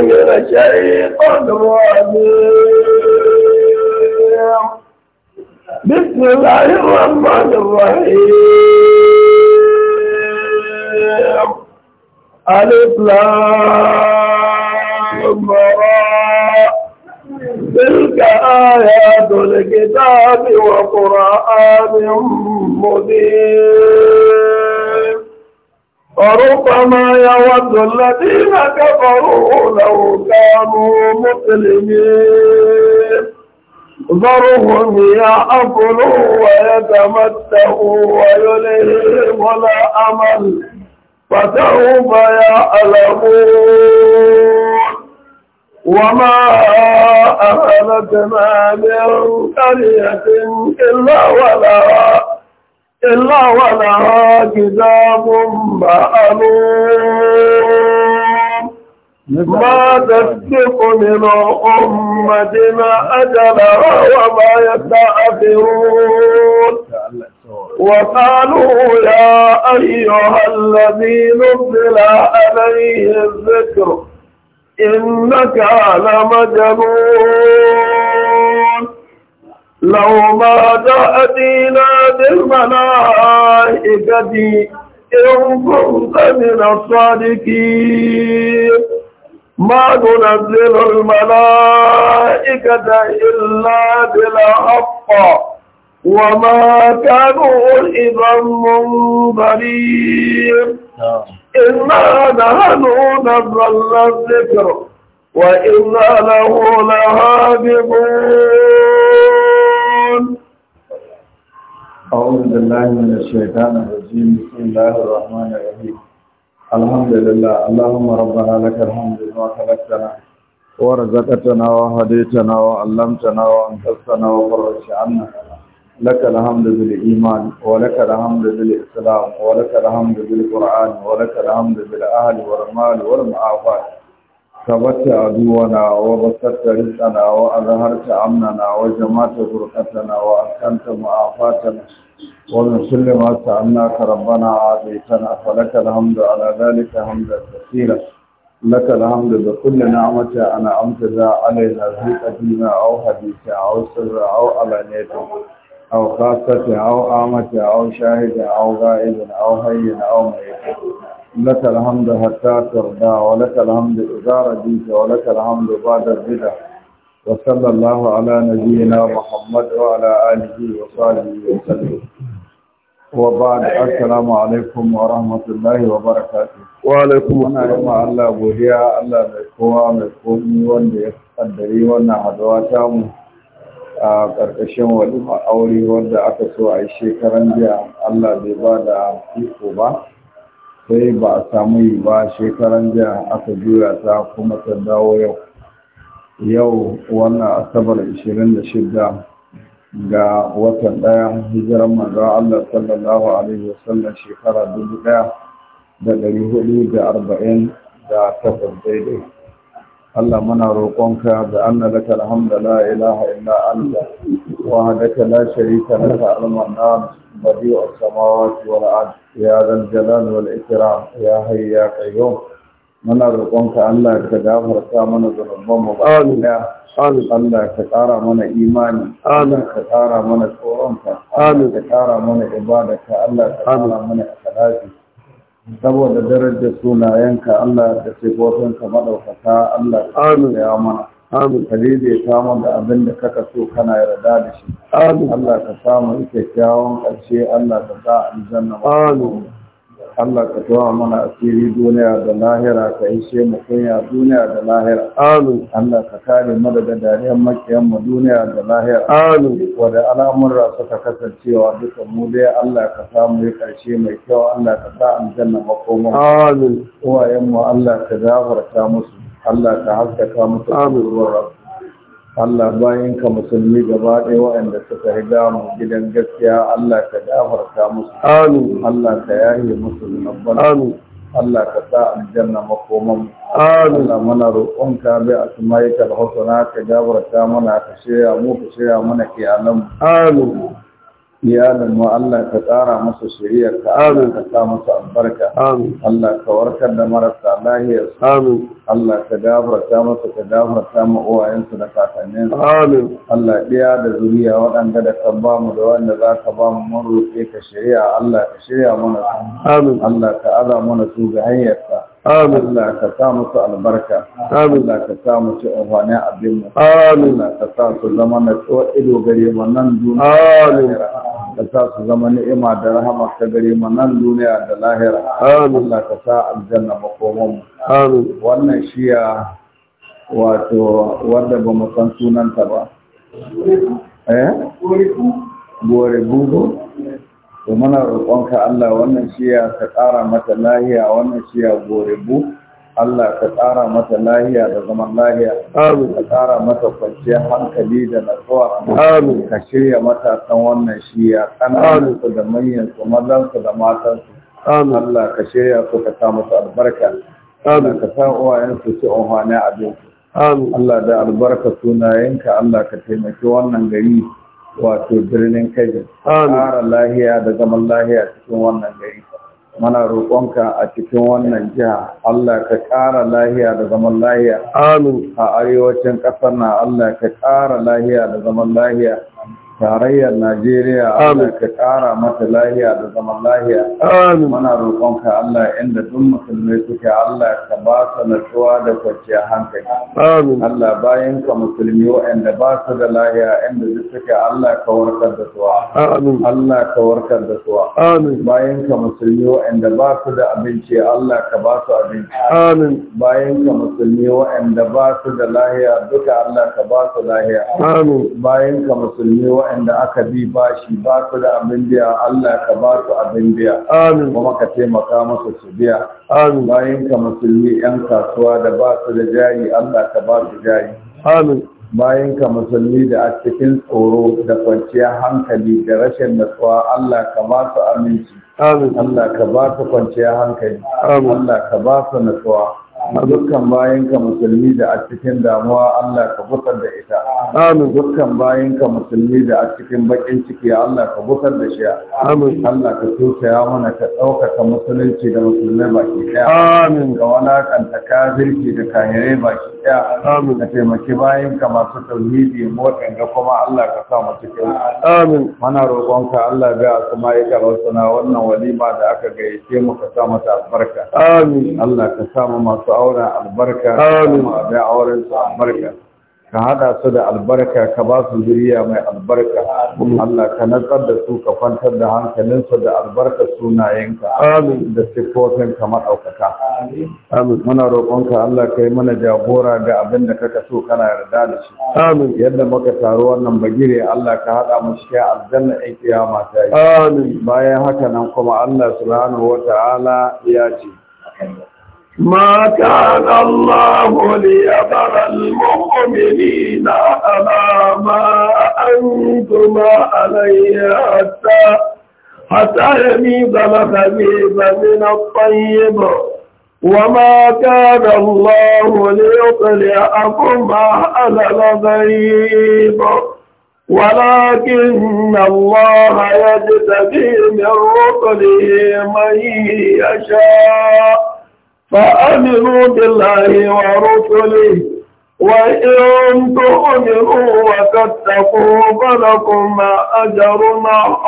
من الشيطان الرجيم بسم الله الرحمن الرحيم ألف لام تلك آيات الكتاب وقرآن مبين فربما يود الذين كفروا لو كانوا مسلمين ذرهم يأكلوا ويتمتعوا ويلههم الأمل فسوف يعلمون وما أهلكنا من قرية إلا ولها إلا ولها كتاب معلوم ما تسبق من أمة أجلها وما يستأخرون وقالوا يا أيها الذي نزل عليه الذكر إنك لمجنون لو ما تأتينا بالملائكة إن كنت من الصادقين ما ننزل الملائكة إلا بالحق وما كانوا إذا منظرين إنا نحن نزل الذكر وإنا له لهابون أعوذ بالله من الشيطان الرجيم بسم الله الرحمن الرحيم الحمد لله اللهم ربنا لك الحمد لما خلقتنا ورزقتنا وهديتنا وعلمتنا وأنقذتنا وفرجت عنا لك الحمد بالإيمان ولك الحمد بالإسلام ولك الحمد بالقرآن ولك الحمد بالأهل والمال والمعافات kabata a duwana wa basarta risana wa ta amnana wa jama'ata burkatana wa akanta mu'afatana wa min kulli ma sa'alnaka rabbana a'tina fa laka alhamdu ala dhalika hamdan katira laka alhamdu bi kulli ni'mati ana amta za alayna zikatina aw hadithi aw sirra aw alaniyati aw khassati aw amati aw shahida aw ghaibin aw hayyin aw mayyitin لك الحمد حتى ترضى ولك الحمد إذا رضيت ولك الحمد بعد الرضا وصلى الله على نبينا محمد وعلى آله وصحبه وسلم وبعد السلام عليكم ورحمة الله وبركاته وعليكم السلام ورحمة الله godiya Allah mai kowa mai komi wanda ya kaddari wannan haduwa ta mu a ƙarƙashin walima aure wanda aka so a yi shekaran jiya Allah bai ba da iko ba sai ba a samu yi ba shekaran jiya aka juya ta kuma ta dawo yau yau wannan asabar 26 ga watan ɗaya hijiran manzon Allah sallallahu alaihi wasallam shekara dubu ɗaya da ɗari hudu da arba'in da takwas daidai Allah muna roƙonka da anna laka alhamdu la ilaha illa anta wa hadaka la sharika laka al-manan badi'u as-samawati wal ardi ya zal jalal wal ikram ya hayy ya qayyum muna roƙonka Allah ka gafarta mana zunuban mu ba amin Allah ka ƙara mana imani amin ka ƙara mana tsoronka amin ka ƙara mana ibadarka Allah ka ƙara mana akhlaqi saboda darajar sunayenka Allah da sifofinka madaukaka Allah ya mana Amin. Azizu ya samu da abin da kaka so kana yarda da shi. Amin. Allah ka samu kyakkyawan ƙarshe Allah ka sa aljanna. Amin. Allah ka tawa mana asiri duniya da lahira ka ishe mu kunya duniya da lahira. Amin. Allah ka kare mu daga dariyar makiyan mu duniya da lahira. Amin. Wanda al'amurra ka kasancewa duka mu dai Allah ka samu ya karshe mai kyau Allah ka sa aljanna makoma. Amin. Uwayen mu Allah ka gafarta musu. Allah ta haskaka musu amin Allah bayan ka musulmi gaba ɗaya waɗanda suka riga mu gidan gaskiya Allah ka gafarta musu. Amin. Allah ka yaye musu zunuban. Amin. Allah ka sa aljanna makoman. Amin. Allah mana roƙonka bi asma'ikal husna ka gafarta mana ka shirya mu ka shirya mana kiyalan. Amin. iyalan mu Allah ka tsara masa shari'ar ka amin ka sa masa albarka amin Allah ka warkar da marasa lahiyar amin Allah ka ta masa ka gafarta ma uwayensu da kakannin amin Allah ɗaya da zuriya waɗanda da ka ba mu da wanda za ka ba mu mun roƙe ka shari'a Allah ka shirya mana su amin Allah ka aza mana su ga hanyar ka Amin. Allah ka sa musu albarka. Amin. Allah ka sa musu amfani abin mu. Amin. Allah ka sa su zama na tsohon ido gare mu nan duniya. Amin. ka sa su zama ni'ima da rahama ta gare mu nan duniya da lahira amin Allah ka sa aljanna makomon amin wannan shiya wato wanda ba mu san sunanta ba eh gore bugo to muna roƙonka Allah wannan shiya ta ƙara mata lahiya wannan shiya gore bugo Allah ka tsara mata lahiya da zaman lahiya. Amin. Ka tsara mata kwanciyar hankali da natsuwa. Amin. Ka shirya matasan wannan shi shiya Ku da manyansu mazansu da matansu. Amin. Allah ka shirya su ka sa musu albarka. Amin. Ka sa uwayensu ci unhwani abinci. Amin. Allah da albarka sunayenka Allah ka taimaki wannan gari wato birnin Kebbi. Amin. tsara lahiya da zaman lahiya cikin wannan gari. muna roƙonka a cikin wannan jiha Allah ka ƙara lahiya da zaman lahiya amin a arewacin ƙasar na Allah ka ƙara lahiya da zaman lahiya tarayyar Najeriya Allah ka ƙara mata lahiya da zaman lahiya. Amin. Muna roƙonka Allah inda duk musulmai suke Allah ka ba su natsuwa da kwanciya hankali. Amin. Allah bayan ka musulmi waɗanda ba su da lahiya inda duk suke Allah ka warkar da suwa. Amin. Allah ka warkar da suwa. Amin. Bayan ka musulmi waɗanda ba su da abinci Allah ka ba su abinci. Amin. Bayan ka musulmi waɗanda ba su da lahiya duka Allah ka ba su lahiya. Amin. Bayan ka musulmi waɗanda waɗanda aka bi bashi ba su da abin biya Allah ka ba su abin biya amin kuma ka taimaka masa su biya amin bayan ka musulmi yan kasuwa da ba su da jari Allah ka ba su jari amin bayan ka musulmi da a cikin tsoro da kwanciyar hankali da rashin natsuwa Allah ka ba su aminci amin Allah ka ba su kwanciyar hankali amin Allah ka ba su natsuwa dukkan bayanka musulmi da a cikin damuwa Allah ka busar da ita amin dukkan bayanka musulmi da a cikin bakin ciki Allah ka busar da shi amin Allah ka tausaya mana ka ɗaukaka musulunci da musulmai baki ɗaya amin ga walakanta kafirci da kahirai baki ɗaya amin ka taimaki bayanka masu tauhidi motsin ga kuma Allah ka sa mu cikin amin mana roƙonka Allah ga asma'ika rabbana wannan walima da aka gayyace mu ka sa mata albarka amin Allah ka sa mu masu Su auren albarka kuma abin auren su albarka ka hada su da albarka ka ba su zuriya mai albarka Allah ka natsar da su ka kwantar da su da albarka sunayenka da siffofin ka maɗaukaka muna ka Allah ka yi mana jagora ga abin da kaka so kana yarda da shi yadda muka taru wannan bagire Allah ka haɗa mu shi aljanna in kiyama ta yi bayan haka nan kuma Allah subhanahu wa ya ce ما كان الله ليذر المؤمنين على ما أنتم عليه حتى حتى يميز الخبيث من الطيب وما كان الله ليطلعكم على الغيب ولكن الله يجتبي من رسله من يشاء فآمنوا بالله ورسله وإن تؤمنوا وتتقوا فلكم أجر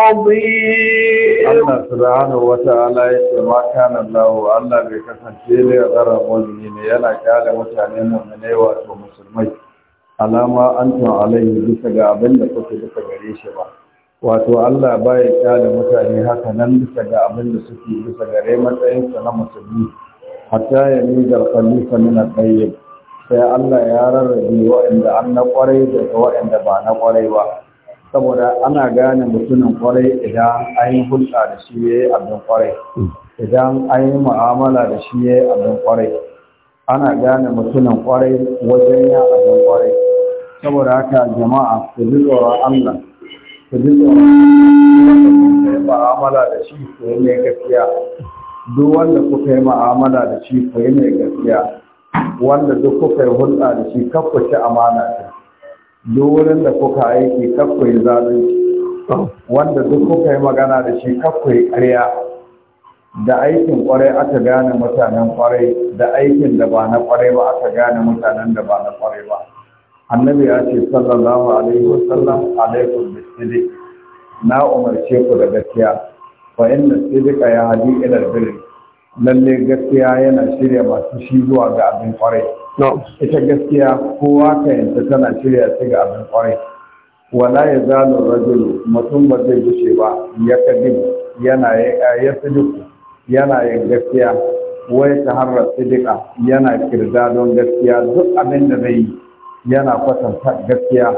عظيم الله سبحانه وتعالى ما كان الله الله بكسن شيء غير المؤمنين يلا كان متعلم من أيوة ومسلمين alama antum alaihi bisa ga abin da kuke bisa gare shi ba wato Allah ya kyale mutane haka nan bisa ga abin da suke bisa gare matsayinsa na musulmi hatta ya nizar khalifa min al-tayyib sai Allah ya rarrabe waɗanda an na kwarai daga waɗanda ba na kwarai ba saboda ana gane mutumin kwarai idan an yi hulɗa da shi ya yi abin kwarai idan an yi mu'amala da shi ya yi abin kwarai ana gane mutumin kwarai wajen ya abin kwarai saboda haka jama'a ku ji tsoron Allah ku ji tsoron Allah da mu'amala da shi ku yi gaskiya duk wanda kuka yi ma'amala da shi ku yi mai gaskiya wanda duk kuka yi hulɗa da shi kakku ci amana ta duk wurin da kuka aiki kakku yi zalunci wanda duk kuka yi magana da shi kakku yi ƙarya da aikin ƙwarai aka gane mutanen ƙwarai da aikin da ba na ƙwarai ba aka gane mutanen da ba na ƙwarai ba annabi ya ce sallallahu alaihi wasallam alaikum bisidi na umarce ku da gaskiya fa sidika ya hadi ila albir lalle gaskiya yana shirya masu shi zuwa ga abin kwarai ita gaskiya kowa ka yanta tana shirya ta ga abin kwarai wala ya zalu rajul mutum ba zai gushe ba ya kadibu yana ya sidiku yana yin gaskiya wai ta harra sidika yana kirda don gaskiya duk abin da zai yi yana kwatanta gaskiya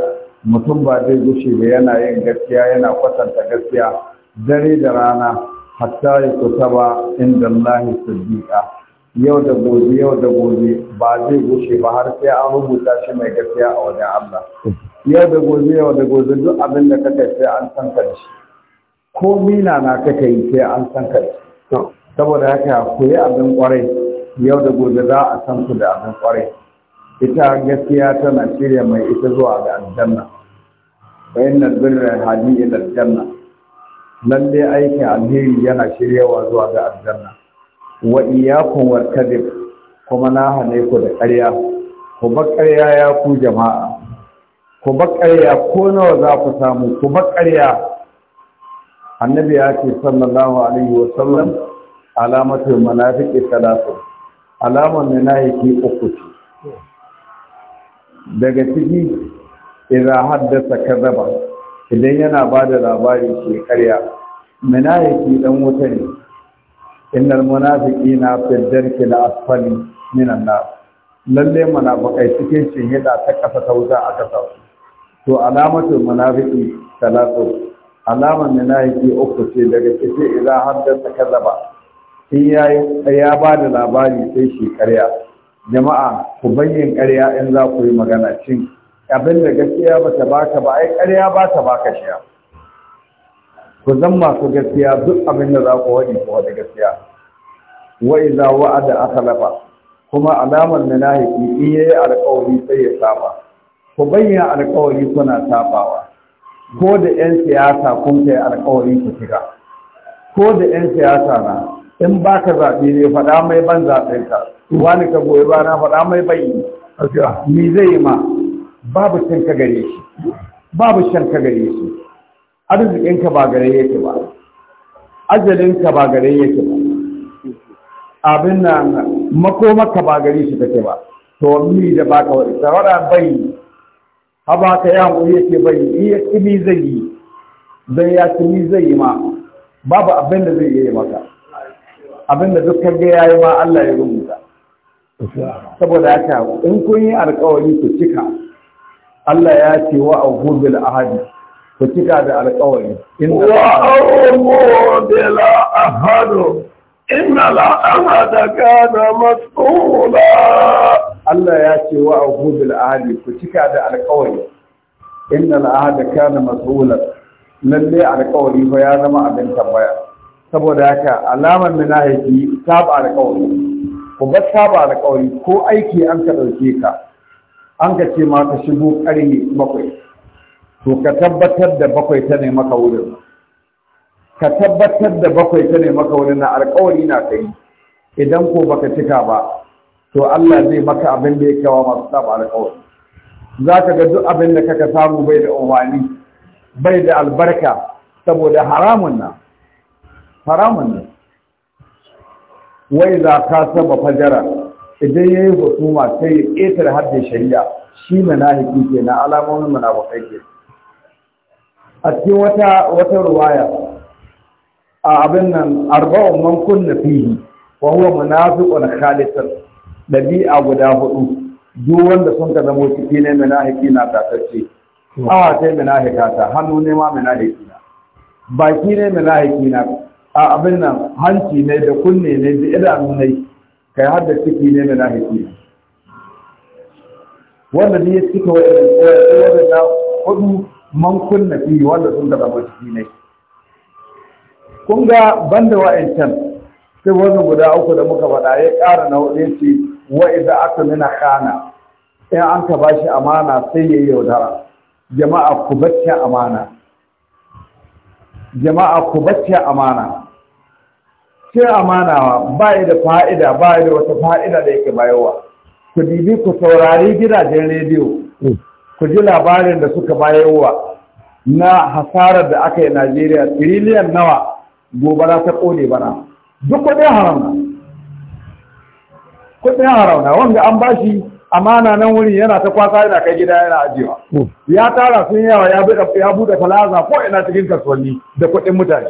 mutum ba zai gushe ba yana yin gaskiya yana kwatanta gaskiya dare da rana hatta ya ba inda Allah siddiqa yau da gobe yau da gobe ba zai gushe ba har sai an rubuta shi mai gaskiya a wajen Allah yau da gobe yau da gobe duk abin da kake sai an san ka shi ko mina na kake yi sai an san ka shi saboda haka ku yi abin kwarai yau da gobe za a san ku da abin kwarai ita gaskiya tana shirya mai ita zuwa ga aljanna wa inna birra hadi ila aljanna lalle aikin alheri yana shiryawa zuwa ga aljanna wa iyyakum warkadib kuma na hane ku da ƙarya ku bar ƙarya ya ku jama'a ku bar ƙarya ko nawa za ku samu ku bar ƙarya annabi ya ce sallallahu alaihi wa sallam alamatul munafiqi salatu alaman munafiki uku daga ciki idza haddasa kadaba idan yana ba da labari ke karya munafiki dan wuta ne innal munafiqina fi darki al-asfali min an-nar lalle munafikai cikin shihida ta kafa ta wuta aka sa to alamatul munafiki talatu alamar munafiki uku ce daga kace idza haddatha kadaba in yayi ya ba da labari sai shi karya jama'a ku bayyana karya in za ku yi magana cin abin da gaskiya ba ta baka ba ai ƙarya ba ta baka shi ku zan ku gaskiya duk abin da za ku waɗi ku wadi gaskiya wa idza wa'ada akhlafa kuma alamar munafiki in yayi alƙawari sai ya saba ku bayyana alƙawari kuna sabawa ko da 'yan siyasa kun kai alƙawari ku shiga ko da 'yan siyasa na in ba ka ne faɗa mai ban zaɓen ka wani ka goyi ba na faɗa mai bayi ni zai yi ma babu shan ka gare shi babu shan ka gare shi arzikinka ba gare yake ba ajalinka ba gare yake ba abin nan makomaka ba gare shi kake ba to mi da baka wani tsawara bai haba ka yi hankali yake bai yi ya kimi zai yi zai ya kimi zai yi ma babu abin da zai yi maka abin da duk kage ya yi ma Allah ya rubuta saboda haka in kun yi alkawari ku cika Allah ya ce wa auhu bil ahadi ku cika da alƙawari inna wa auhu bil ahadi inna la ahada kana mas'ula Allah ya ce wa auhu bil ahadi ku cika da alƙawari inna la ahada kana mas'ula lalle alƙawari fa ya zama abin tambaya saboda haka alamar minahiji saba alƙawari ku ba saba alƙawari ko aiki an ka ɗauke ka an ka ce ma ka shigo ƙarni bakwai to ka tabbatar da bakwai ta ne maka wurin ka tabbatar da bakwai ta ne maka wurin na alƙawari na kai idan ko baka cika ba to Allah zai maka abin da yake kawo masu tsaba alƙawari za ka ga duk abin da kaka samu bai da umarni bai da albarka saboda haramun nan haramun nan wai za ka saba fajara idan ya yi hukuma ta yi ƙetare haddin shari'a shi manahiki ke na alamomin munafukai ke a cikin wata ruwaya a abin nan arba'un man kunna fihi wa huwa munafiqun khalisan dabi'a guda hudu duk wanda sun ka zama ciki ne manahiki na tatacce awa sai manahika ta hannu ne ma manahiki na baki ne manahiki na a abin nan hanci ne da kunne ne da idanu ne kai har da ciki ne na nahiki wanda ne ya cika waɗanda na kudu man kunna fi wanda sun da zama ciki ne kun ga banda wa'ancan sai wannan guda uku da muka faɗa ya ƙara na hudu ya ce wa idza nuna khana in an ka bashi amana sai ya yaudara jama'a ku bacci amana jama'a ku bacci amana ce amanawa ba da fa'ida ba da wata fa'ida da yake bayowa ku dibi ku saurari gidajen rediyo mm. ku ji labarin da suka bayowa na hasarar da aka yi najeriya tiriliyan nawa gobara ta kone bana duk kudin harauna kudin wanda an bashi amana nan wuri yana ta kwasa yana kai gida yana ajiyewa mm. ya tara sun yawa ya buɗe falaza ko ina cikin kasuwanni da kudin mutane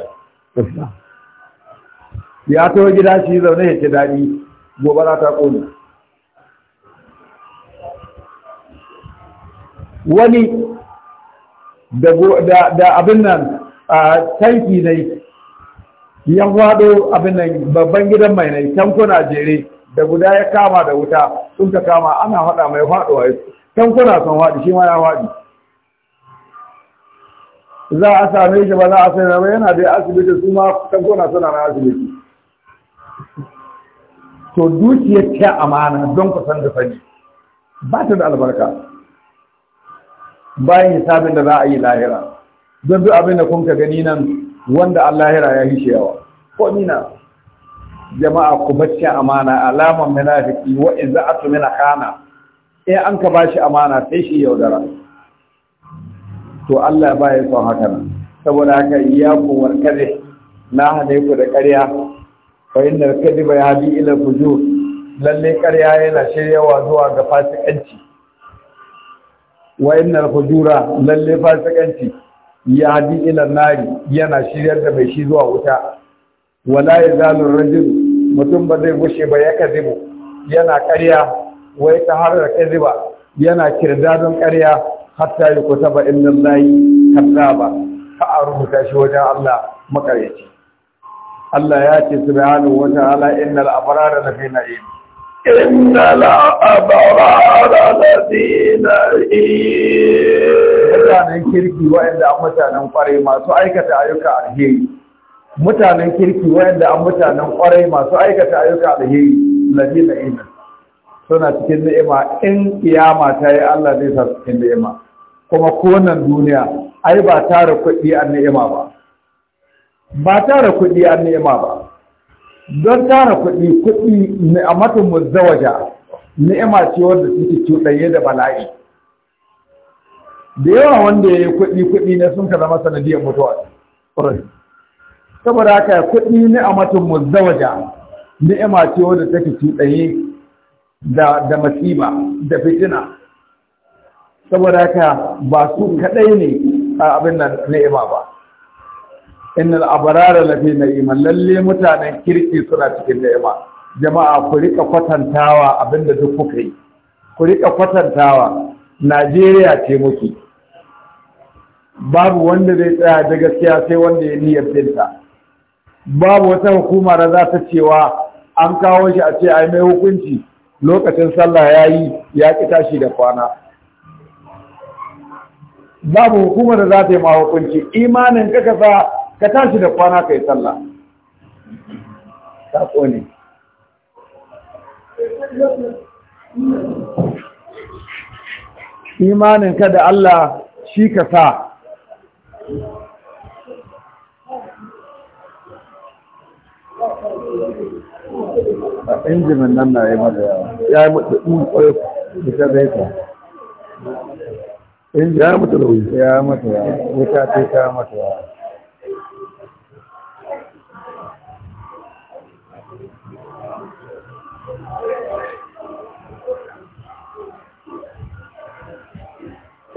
ya taho gida shi zaune ya ci daɗi gobe za ta ƙone wani da abin nan a tanki ne yan faɗo abin nan babban gidan mai ne tankuna jere da guda ya kama da wuta sun ka kama ana haɗa mai a faɗuwa tankuna sun haɗi shi ma ya haɗi za a same shi ba za a sai ba yana da asibiti su ma tankuna suna na asibiti to dukiyar ta amana don ku san da sani ba ta da albarka bayan hisabin da za a yi lahira don duk abin da kun ka gani nan wanda an lahira ya hishe yawa ko nina jama'a ku bacci amana alaman munafiki wa idza atmina khana eh an ka bashi amana sai shi yaudara to Allah ba ya son haka nan saboda haka ya ku warkare na hane ku da ƙarya fa da al bai haɗi ila Lallai lalle ƙarya yana shiryawa zuwa ga fasikanci wa'in inna lalle fasikanci haɗi ila nari yana shiryar da mai shi zuwa wuta wala ya zalun rajin mutum ba zai gushe ba ya kadhibu yana ƙarya wai ta harar ba yana don ƙarya hatta yi na yi allahi ba. ka a rubuta shi wajen Allah makaryaci Allah ya ce subhanahu wa ta'ala innal abrara lafi na'im innal abrara lafi na'im mutanen kirki wayanda an mutanen kwarai masu aikata ayyuka alheri mutanen kirki wayanda an mutanen kwarai masu aikata ayyuka alheri lafi na'im suna cikin ni'ima in kiyama ta yi Allah zai sa cikin ni'ima kuma ko nan duniya ai ba tara kuɗi an ni'ima ba ba tara kuɗi an nema ba don tara kuɗi kuɗi ne a ni'amatun zawaja, ni'ima ce wanda suke cuɗanye da bala'i da yawa wanda ya yi kuɗi kuɗi ne sun ka zama sanadiyar mutuwa saboda haka kuɗi ne a ni'amatun zawaja, ni'ima ce wanda take cuɗanye da da masiba da fitina saboda haka ba su kaɗai ne a abin nan ni'ima ba innal abrara lafi naiman lalle mutanen kirki suna cikin ni'ima jama'a ku rika kwatantawa abinda duk kuka yi ku rika kwatantawa Najeriya ce muke babu wanda zai tsaya da gaskiya sai wanda ya niyyar binta babu wata hukuma da za ta cewa an kawo shi a ce ai hukunci lokacin sallah ya yi ya ƙi tashi da kwana babu hukumar da za ta yi ma hukunci imanin kaka sa ka tashi da kwana ka yi sallah ta ne imaninka da Allah shi ka sa a injimin nan na yi mada ya yi mutu ɗin ƙwai zai ta ya yi mutu da ya yi mutu ya wuta ta mutu ya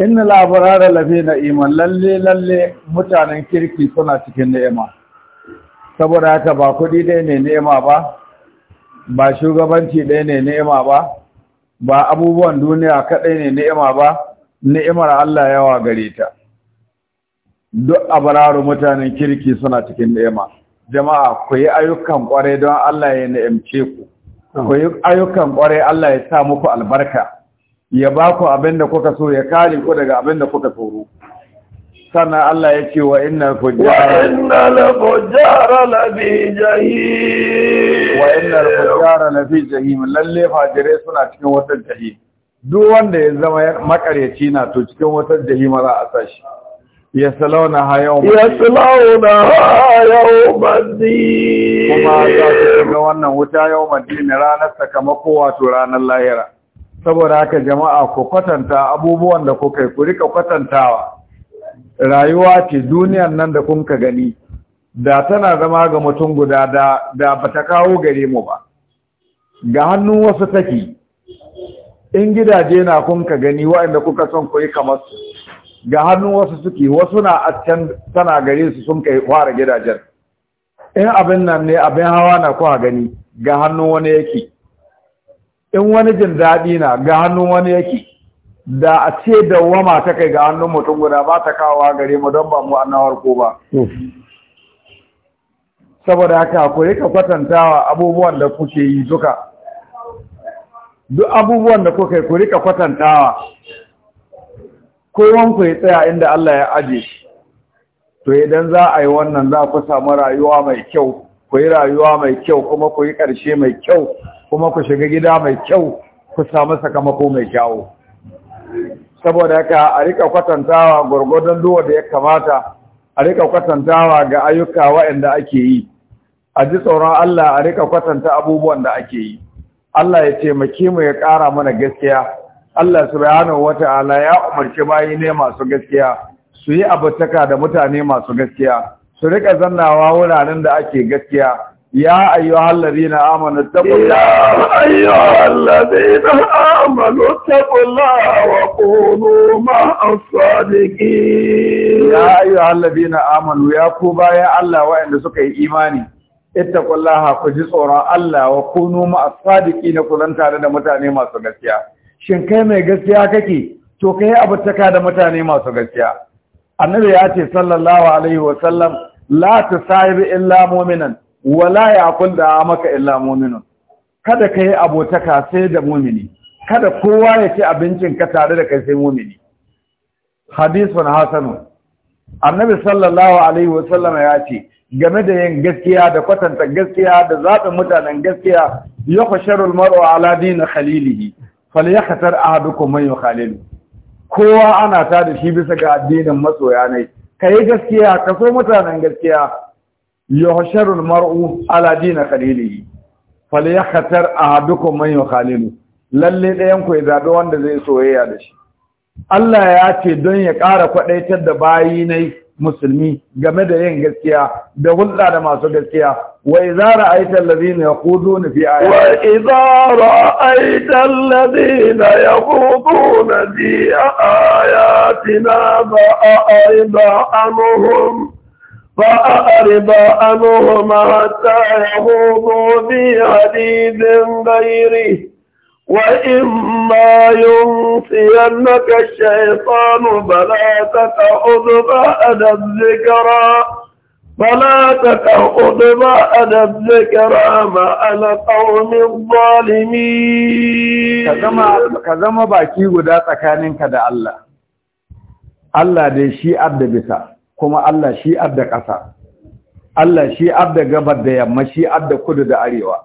inna labarara lafi iman lalle lalle mutanen kirki suna cikin ni'ima saboda haka ba kuɗi ɗaya ne ni'ima ba ba shugabanci ɗaya ne ni'ima ba ba abubuwan duniya kaɗai ne ni'ima ba ni'imar Allah yawa gare ta duk abararu mutanen kirki suna cikin ni'ima jama'a ku yi ayyukan ƙwarai don Allah ya na'imce ku ku yi ayyukan ƙwarai Allah ya sa muku albarka ya ba ku abin da kuka so ya kare ku daga abin da kuka tsoro sannan Allah ya ce wa inna fujjara wa la fi jahim wa inna fujjara la fi jahim lalle fajire suna cikin wata jahim duk wanda ya zama makaryaci na to cikin wata jahim za a sashi yaslauna ha yawm yaslauna ha yawm kuma za su shiga wannan wuta yawm ne ranar sakamako wato ranar lahira saboda haka jama'a ku kwatanta abubuwan da kuka ku rika kwatantawa rayuwa ce duniyan nan da kun ka gani da tana zama ga mutum guda da da bata kawo gare mu ba ga hannun wasu take in gidaje na kun gani waɗanda kuka son ku yi kamar su ga hannun wasu suke wasu na a can tana gare su sun kai fara gidajen in abin nan ne abin hawa na kuwa gani ga hannun wani yake in wani jin daɗi na ga hannun wani yake da a ce da wama ta kai ga hannun mutum guda ba ta kawowa gare mu don ba mu annawar ko ba saboda haka ku rika kwatantawa abubuwan da kuke yi duka duk abubuwan da kuka yi ku rika kwatantawa kowanku ya tsaya inda Allah ya aje to idan za a yi wannan za ku samu rayuwa mai kyau ku yi rayuwa mai kyau kuma ku yi ƙarshe mai kyau kuma ku shiga gida mai kyau ku samu sakamako mai kyau. saboda haka a rika kwatantawa gwargwadon duwa da ya kamata a rika kwatantawa ga ayyuka waɗanda ake yi a ji tsoron Allah a rika kwatanta abubuwan da ake yi Allah ya taimake mu ya ƙara mana gaskiya Allah subhanahu wata'ala ya umarci bayi ne masu gaskiya su yi abutaka da mutane masu gaskiya su rika zannawa wuraren da ake gaskiya Ya ayyo hallabi na Amanu ta kula wa kunuma a sadakin. Ya ayyo hallabi na Amanu ya ko bayan Allah wa yadda suka yi imani, ita ku ji tsoron Allah wa kunuma a sadaki na kulan tare da mutane masu gaskiya. Shin kai mai gaskiya kake, to kai abu ta da mutane masu gaskiya. ya ce sallallahu alaihi wa sallam, la ci sari'in lamominan. wala ya da maka illa mu'minun kada kai abotaka sai da mu'mini kada kowa ya ci abincin ka tare da kai sai mu'mini hadisun hasanu annabi sallallahu alaihi wasallam ya ce game da yin gaskiya da kwatanta gaskiya da zaɓin mutanen gaskiya ya kwasharul mar'u ala dini khalilihi falyakhtar ahadukum man yukhalil kowa ana ta da shi bisa ga addinin masoya ne kai gaskiya ka so mutanen gaskiya yuhsharu al-mar'u ala dini qalilihi falyakhtar ahadukum man yukhalilu lalle ɗayan ku ya zaɓi wanda zai soyayya da shi Allah ya ce don ya ƙara kwaɗaitar da bayi nai musulmi game da yin gaskiya da hulɗa da masu gaskiya wa idza ra'aita allazina yaquduna fi ayatina wa idza ra'aita allazina yaquduna fi ayatina fa a'rid anhum فأعرض عنهم حتى يخوضوا في حديث غيره وإما ينسينك الشيطان فلا تقعد بعد الذكرى فلا تقعد بعد الذكرى مع القوم الظالمين كزما باكي غدا tsakaninka da الله الله دي شيء adda bisa kuma Allah shi adda ƙasa Allah shi adda gabar da yamma shi adda kudu da arewa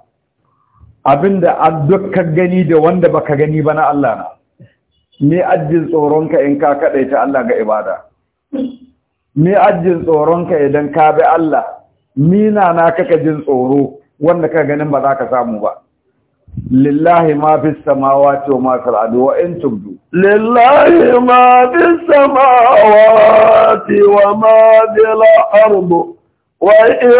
abinda an ka gani da wanda baka gani ba na Allah na me ajin tsoronka in ka ta Allah ga ibada me ajin tsoronka idan ka bi Allah ni na kaka jin tsoro wanda ka ganin ba za ka samu ba lillahi ma fis samawati wa ma fil wa'in tubdu لله ما في السماوات وما في الأرض وإن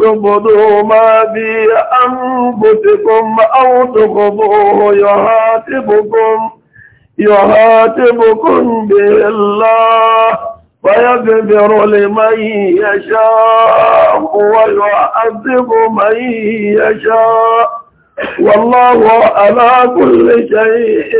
تبدوا ما في أنفسكم أو تخضوه يهاتبكم يهاتبكم به الله ويغفر لمن يشاء ويعذب من يشاء والله على كل شيء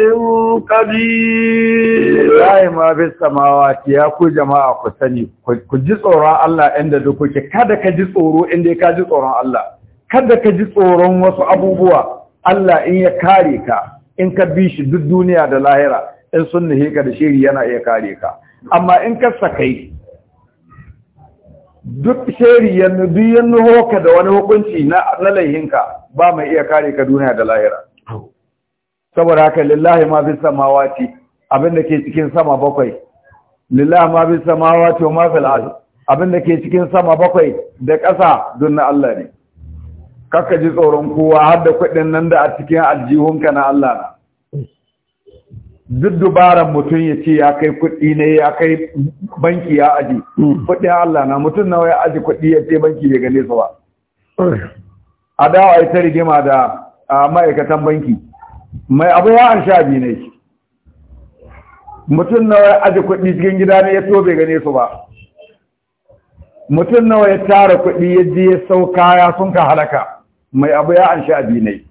قدير يا ما في السماوات يا ku jama'a ku sani ku ji tsoron Allah inda duk kada ka ji tsoro inda ka ji tsoron Allah kada ka ji tsoron wasu abubuwa Allah in ya kare ka in ka bi shi duk duniya da lahira in sun ka da shiri yana iya kare ka amma in ka sakai duk sheri yannu duk yannu hoka ka da wani hukunci na na ba mai iya kare ka duniya da lahira saboda haka lillahi ma fi samawati abin da ke cikin sama bakwai lillahi ma fi samawati wa ma fil ard abin da ke cikin sama bakwai da ƙasa don na Allah ne kakka ji tsoron kowa har da kuɗin nan da a cikin aljihunka na Allah na duk dubaran mutum ya ce ya kai kuɗi ne ya kai banki ya aji hmm. kuɗi Allah na mutum nawa ya aji kuɗi ya ce banki ya gane su ba a dawa ita rigima da ma'aikatan banki mai abu ya an sha biyu ne mutum nawa ya aji kuɗi cikin gida ne ya to bai gane su ba mutum nawa ya tara kuɗi ya je ya sauka ya sun ka halaka mai abu ya an sha biyu ne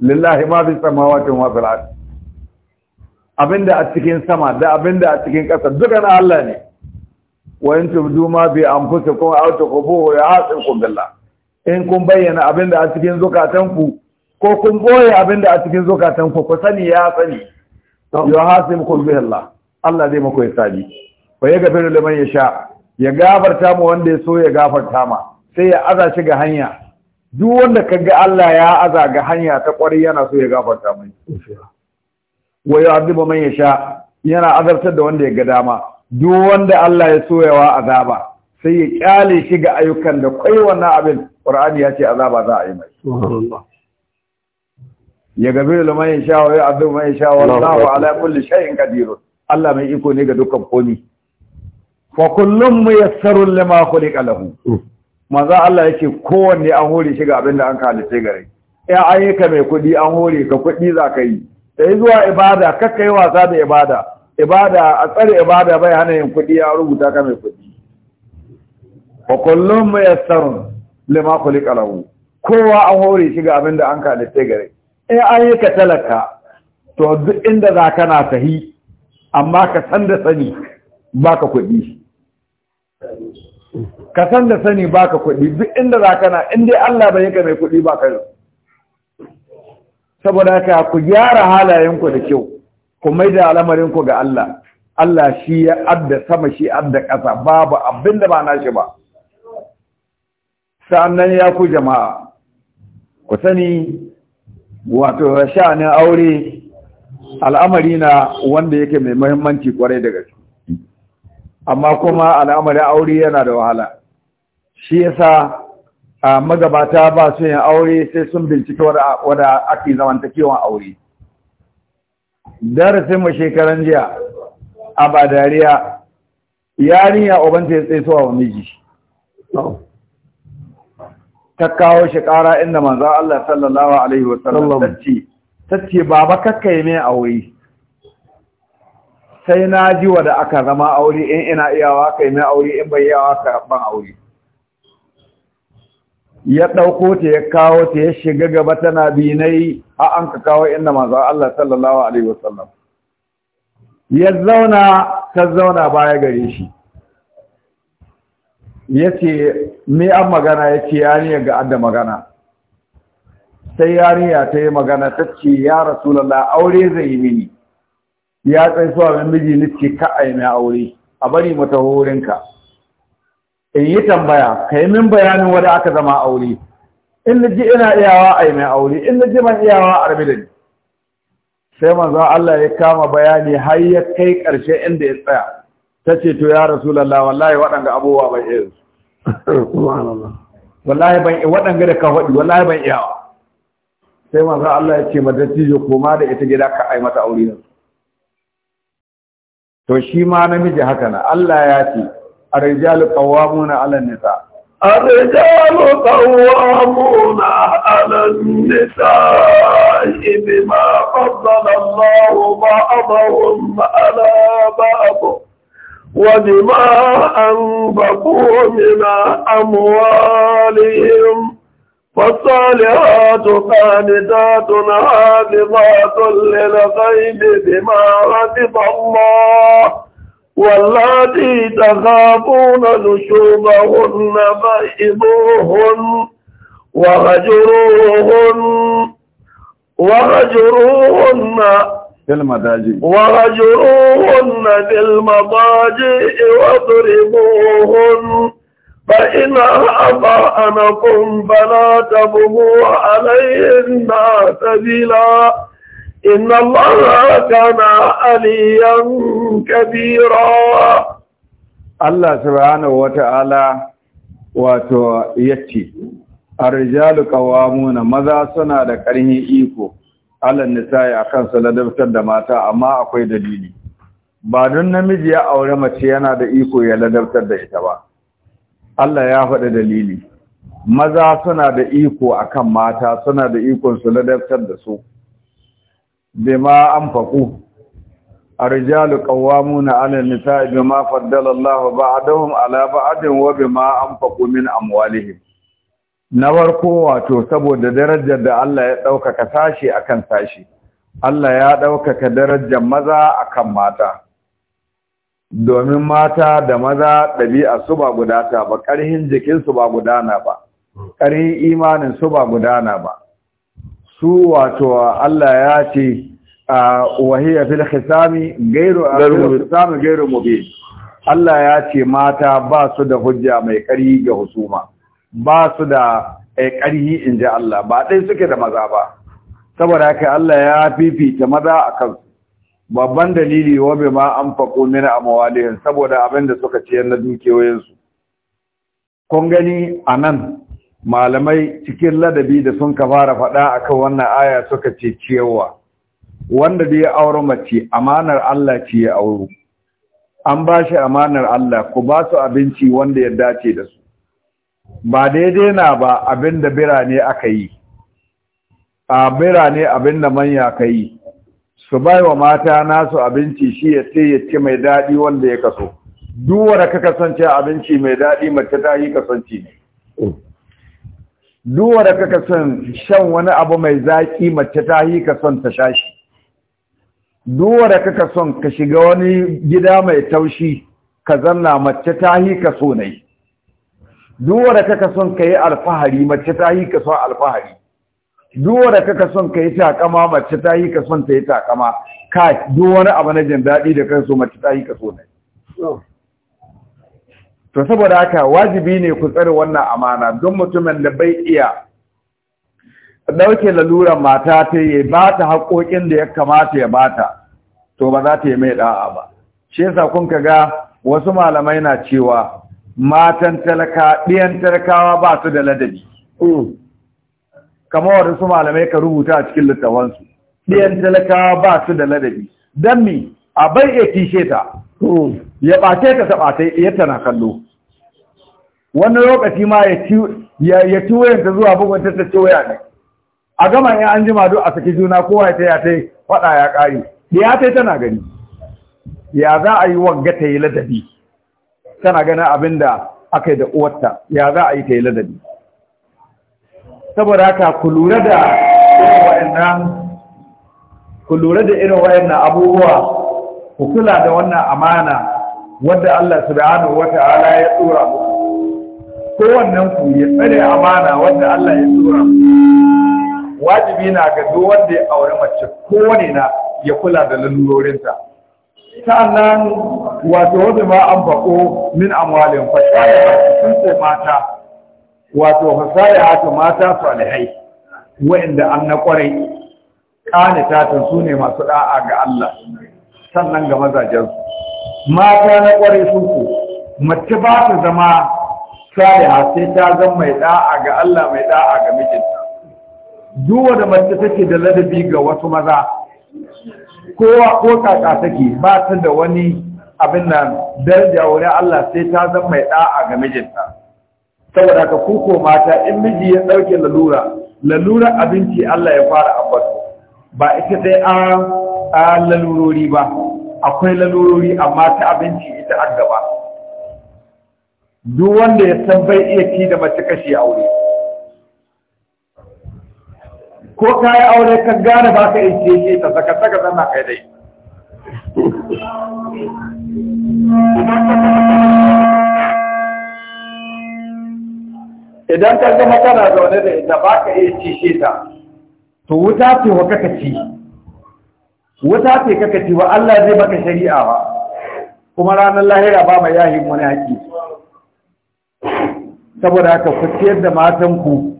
lillahi ma fi samawacin wasu al'adu abinda a cikin sama da abinda a cikin ƙasa duka na Allah ne wayan in tubdu ma bi anfusikum aw tukhfuhu ya'tikum billah in kun bayyana abinda a cikin zukatanku ko kun boye abinda a cikin zukatanku ku sani ya sani yuhasibukum bihi Allah Allah zai muku fa ya yaghfiru liman yasha ya gafarta mu wanda ya so ya gafarta ma sai ya aza shi ga hanya duk wanda kaga Allah ya aza ga hanya ta kwari yana so ya gafarta mai wa yu'adhibu man yasha yana azartar da wanda ya ga dama duk wanda Allah ya soyawa azaba sai ya kyale shi ga ayyukan da kai wannan abin Qur'ani ya ce azaba za a yi mai ya gabe da man yasha wa yu'adhibu man yasha wallahu ala kulli shay'in qadir Allah mai iko ne ga dukkan komi fa kullum muyassarun lima khuliqa lahu mm. Maza Allah yake kowanne an hore shi ga abin da an kalice gare ya ayyuka mai kudi an hore ka kudi za ka yi sai zuwa ibada kakka yi wasa da ibada ibada a tsare ibada bai hana yin kuɗi a rubuta ka mai kuɗi wa kullum muyassarun lima kuli lahu kowa an hore shi ga abin da an kalice gare eh an yi ka talaka to duk inda za ka na sahi amma ka san da sani baka kuɗi ka san da sani baka kuɗi duk inda za ka na, inda Allah bai yi ka mai kuɗi ba kai saboda ka, ku gyara halayenku da kyau ku lamarin ku ga Allah Allah shi ya adda sama shi adda ƙasa babu abin da ba na shi ba Sannan ya ku jama'a ku sani wato sha'anin aure al'amari na wanda yake mai muhimmanci kwarai da gaske amma kuma al'amarin aure yana da wahala shi yasa a magabata ba su yin aure sai sun bincike wadda ake zamantakewan aure darasin mu shekaran jiya a ba dariya yarinya obanta ya tsaitowa wa miji ta kawo shi ƙara inda manzo Allah sallallahu alaihi wasallam sallam tacce tacce baba kakka yi mai aure sai na ji wada aka zama aure in ina iyawa kai mai aure in bai iyawa ka ban aure ya ɗauko ta ya kawo ta ya shiga gaba tana binai a an ka kawo inda manzo Allah sallallahu alaihi wasallam ya zauna ta zauna baya gare shi ya ce me an magana ya ce yariya ga adda magana sai yariya ta yi magana ta ce ya rasulallah aure zai yi mini ya tsaye suwa mai miji ni ce ka a aure a bari mata horinka in yi tambaya ka yi min bayanin wani aka zama aure in na ji ina iyawa a yi mai aure in na ji man iyawa a rabi da ni sai manzon Allah ya kama bayani har ya kai ƙarshe inda ya tsaya ta ce to ya rasulallah wallahi waɗanga abubuwa ban iya su wallahi ban waɗanga da ka faɗi wallahi ban iyawa sai manzon Allah ya ce mata tijo koma da ita gida ka aimata mata aure to shi ma namiji haka na Allah ya ce الرجال قوامون على النساء الرجال قوامون على النساء بما فضل الله بعضهم على بعض وبما أنفقوا من أموالهم فالصالحات قانتات حافظات للغيب بما حفظ الله والذي تخافون نشوبهن فإذوهن وهجروهن وهجروهن وغجروهن وهجروهن المضاجع واضربوهن فإن أطعنكم فلا تبغوا عليهن سبيلا إن الله كان عليا كبيرا الله سبحانه وتعالى wato yace الرجال قوامون maza suna da إيكو iko النساء nisa'i akan su ladabtar da mata amma akwai dalili ba don namiji ya aure mace yana da iko ya ladabtar da ita ba Allah ya faɗi dalili maza suna da iko akan mata suna da ikon su ladabtar da su bima anfaqu الرجال قوامون على النساء بما فضل الله بعضهم على بعض وبما min a أموالهم na farko wato saboda darajar da Allah ya ɗaukaka sashi akan sashi Allah ya ɗaukaka darajar maza akan mata domin mata da maza ɗabi'a su ba gudata ba ƙarhin jikinsu ba gudana ba ƙarhin imanin su ba gudana ba su wato Allah ya ce wahiyar fil khisami gairu khisami gairu Allah ya ce mata ba su da hujja mai ƙari ga husuma ba su da eh, ƙari in ji Allah ba ɗai suke da maza ba saboda haka Allah ya fifita maza a kansu babban dalili wa ma an faƙo mini a mawalihin saboda abin da suka ciyar na dukiyoyinsu kun gani a nan malamai cikin ladabi da sun ka fara faɗa akan wannan aya suka ce cewa wanda da ya aure mace amanar Allah ce ya auro an ba shi amanar Allah ku ba su abinci wanda ya dace da su ba daidai na ba abin da birane aka yi a birane abin da manya ka yi su bai wa mata nasu abinci shi ya ce ya ce mai daɗi wanda ya kaso duwara ka kasance abinci mai daɗi mace ta yi kasance ne duwa da kaka son shan wani abu mai zaƙi mace ta yi ka son ta sha shi duwa da kaka son ka shiga wani gida mai taushi ka zanna mace ta yi ka so nai duwa da kaka son ka yi alfahari mace ta yi ka son alfahari duwa da kaka son ka yi takama mace ta yi ka son ta yi takama ka duwa wani abu na jin daɗi da kansu mace ta yi ka so nai oh. to saboda haka wajibi ne ku tsare wannan amana don mutumin da bai iya ɗauke laluran mata ta yi ba ta haƙoƙin da ya kamata ya bata, ta to ba za ta yi mai ɗa'a ba shi yasa kun ka ga wasu malamai na cewa matan talaka ɗiyan talakawa ba su da ladabi hmm. kamar wasu malamai ka rubuta a cikin littafansu ɗiyan talakawa ba su da ladabi don mi a bai iya kishe ta ya ɓace ta ta yi ya tana kallo wani lokaci ma ya ci wayanta zuwa bugun ta ci waya ne a gama in an jima a saki juna kowa ya taya ta faɗa ya ƙari ya ta tana gani ya za a yi wagga ta yi ladabi tana ganin abin da aka yi da uwarta ya za a yi ta yi ladabi saboda haka ku lura da irin wa'annan ku abubuwa ku kula da wannan amana wadda Allah subhanahu wata'ala ya tsora Ko wannan ku ya tsare amana wadda Allah ya tsora ku. wajibi na ga duk wanda ya aure mace ko wani na ya kula da Ta sannan wato wanda ma an bako min amwalin fa sun ce mata wato fasaya haka mata salihai wa'inda an na kwarai kanitatun su masu da'a ga Allah sannan ga mazajensu mata na kwarai sun ku mace ba ta zama saliha sai ta zama mai da'a ga Allah mai ɗa'a ga mijinta duwa da mace take da ladabi ga wasu maza kowa ko kaka take ba ta da wani abin nan daraja wuri Allah sai ta zama mai da'a ga mijinta saboda ka kuko mata in miji ya dauke lalura lalura abinci Allah ya fara abbasu ba ita dai a lalurori ba akwai lalurori amma ta abinci ita an gaba duk wanda ya san bai iya ci da mace kashe aure ko ka yi aure ka gane ba ka iya ce ta saka saka zana kai dai idan ka zama kana zaune da ita ba ka iya cishe ta to wuta ce wa kaka ci wuta ce kaka ci wa Allah zai baka shari'a ba kuma ranar lahira ba mai yahin wani haƙi saboda haka ku ciyar da matan ku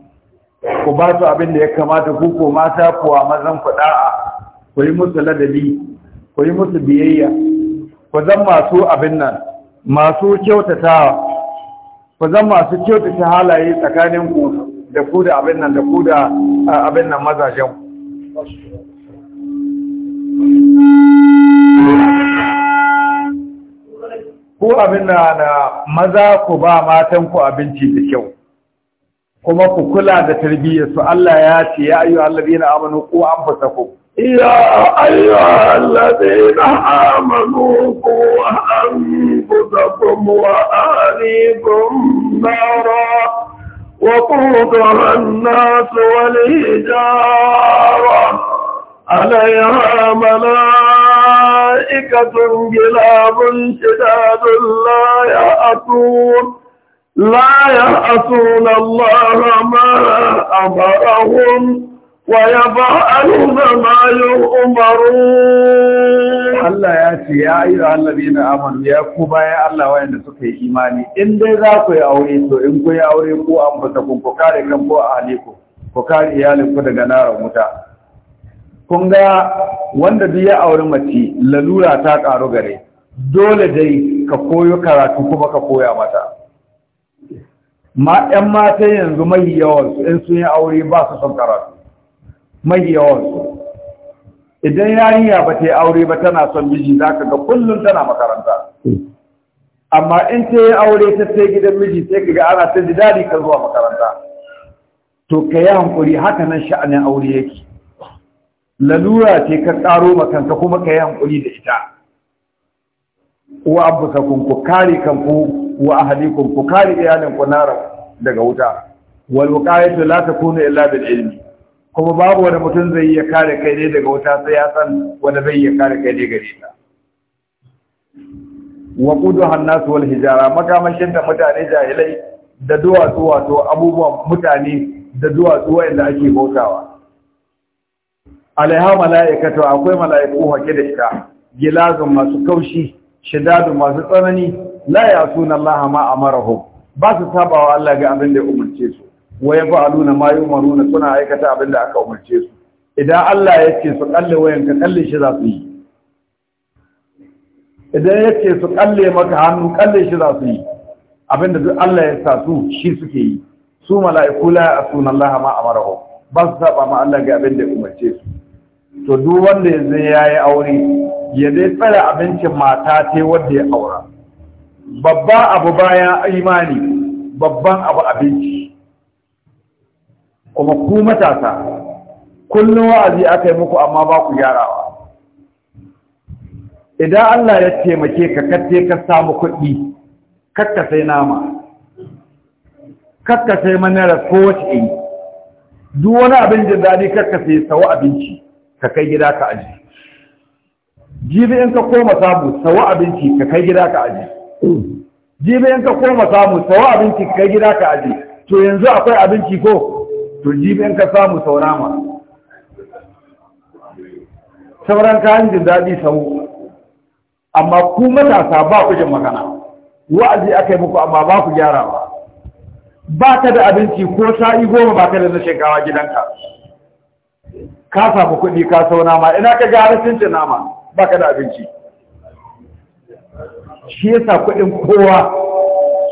ku ba su abin da ya kamata ku ko mata kuwa mazan ku da'a ku yi musu ladabi ku yi musu biyayya ku zan masu abin nan masu kyautata ku zan masu kyautata halaye tsakanin ku da ku da abin nan da ku da abin nan mazajen ku abin da na maza ku ba matan ku abinci da kyau kuma ku kula da tarbiyyar su Allah ya ce ya ayyuha allazina amanu qu anfusakum ya ayyuha allazina amanu an anfusakum wa ahlikum nara وقودها الناس والهجارة عليها ملائكة جلاب شداد لا يأتون لا يأتون الله ما أمرهم ويفعلون ما يؤمرون Allah ya ce ya ayyuha na amanu ya ku baya Allah wayanda suka yi imani in dai za ku yi aure to in ku yi aure ko an fata kun ku kare kan ko hali ku kare iyalin ku daga nara wuta kun ga wanda duk ya aure mace lalura ta karu gare dole dai ka koyo karatu kuma ka koya mata ma ƴan mata yanzu mai yawan su in sun yi aure ba su son karatu mai yawan su idan yarinya ba ta yi aure ba tana son miji za ka ga kullum tana makaranta amma in ta yi aure ta sai gidan miji sai ka ga ana ta jidali ka zuwa makaranta to ka yi hankuri haka nan sha'anin aure yake lalura ce ka karo makanka kuma ka yi hankuri da ita wa abbusakum ku kare kanku wa ahlikum ku kare iyalinku na daga wuta wal wuƙayatu la takunu illa bil ilmi kuma babu wani mutum zai iya kare kai ne daga wuta sai ya san wani zai iya kare kai ne gare ta wa kudu hannasu wal hijara makamashin da mutane jahilai da duwatsu wato abubuwan mutane da duwatsu wanda ake bautawa alaiha mala'ikatu akwai mala'iku hake da ita gilazun masu kaushi shidadun masu tsanani la sunan Allah ma amarahum ba su sabawa Allah ga abin da ya umarce su wa mayu ma na suna aikata abin da aka umarce su idan Allah ya ce su kalle wayan ka kalle shi za su yi idan ya ce su kalle maka hannu kalle shi za su yi abinda duk Allah ya sa su shi suke yi su mala'iku la Asuna Allah ma amarahu ba su saba ma Allah ga abin da ya umarce su to duk wanda ya zai yayi aure ya dai tsara abincin mata ce wanda ya aura babba abu bayan imani babban abu abinci kuma ku matasa kullum wa'azi aka yi muku amma ba ku gyarawa idan Allah ya taimake ka katse ka samu kuɗi kakka sai nama kakka sai manara ko wace iri duk wani abin da daɗi kakka sai sawa abinci ka kai gida ka aji jibi in ka koma samu sawa abinci ka kai gida ka aji jibi in ka koma samu sawa abinci ka kai gida ka aji to yanzu akwai abinci ko to jibin ka samu saurama sauran kayan jin daɗi sau amma ku matasa ba ku jin magana wa'azi aka yi muku amma ba ku gyara ba ba ka da abinci ko sa'i goma ba ka da na shekawa gidanka ka samu kuɗi ka sau nama ina ka gyara ce nama ba ka da abinci shi yasa kuɗin kowa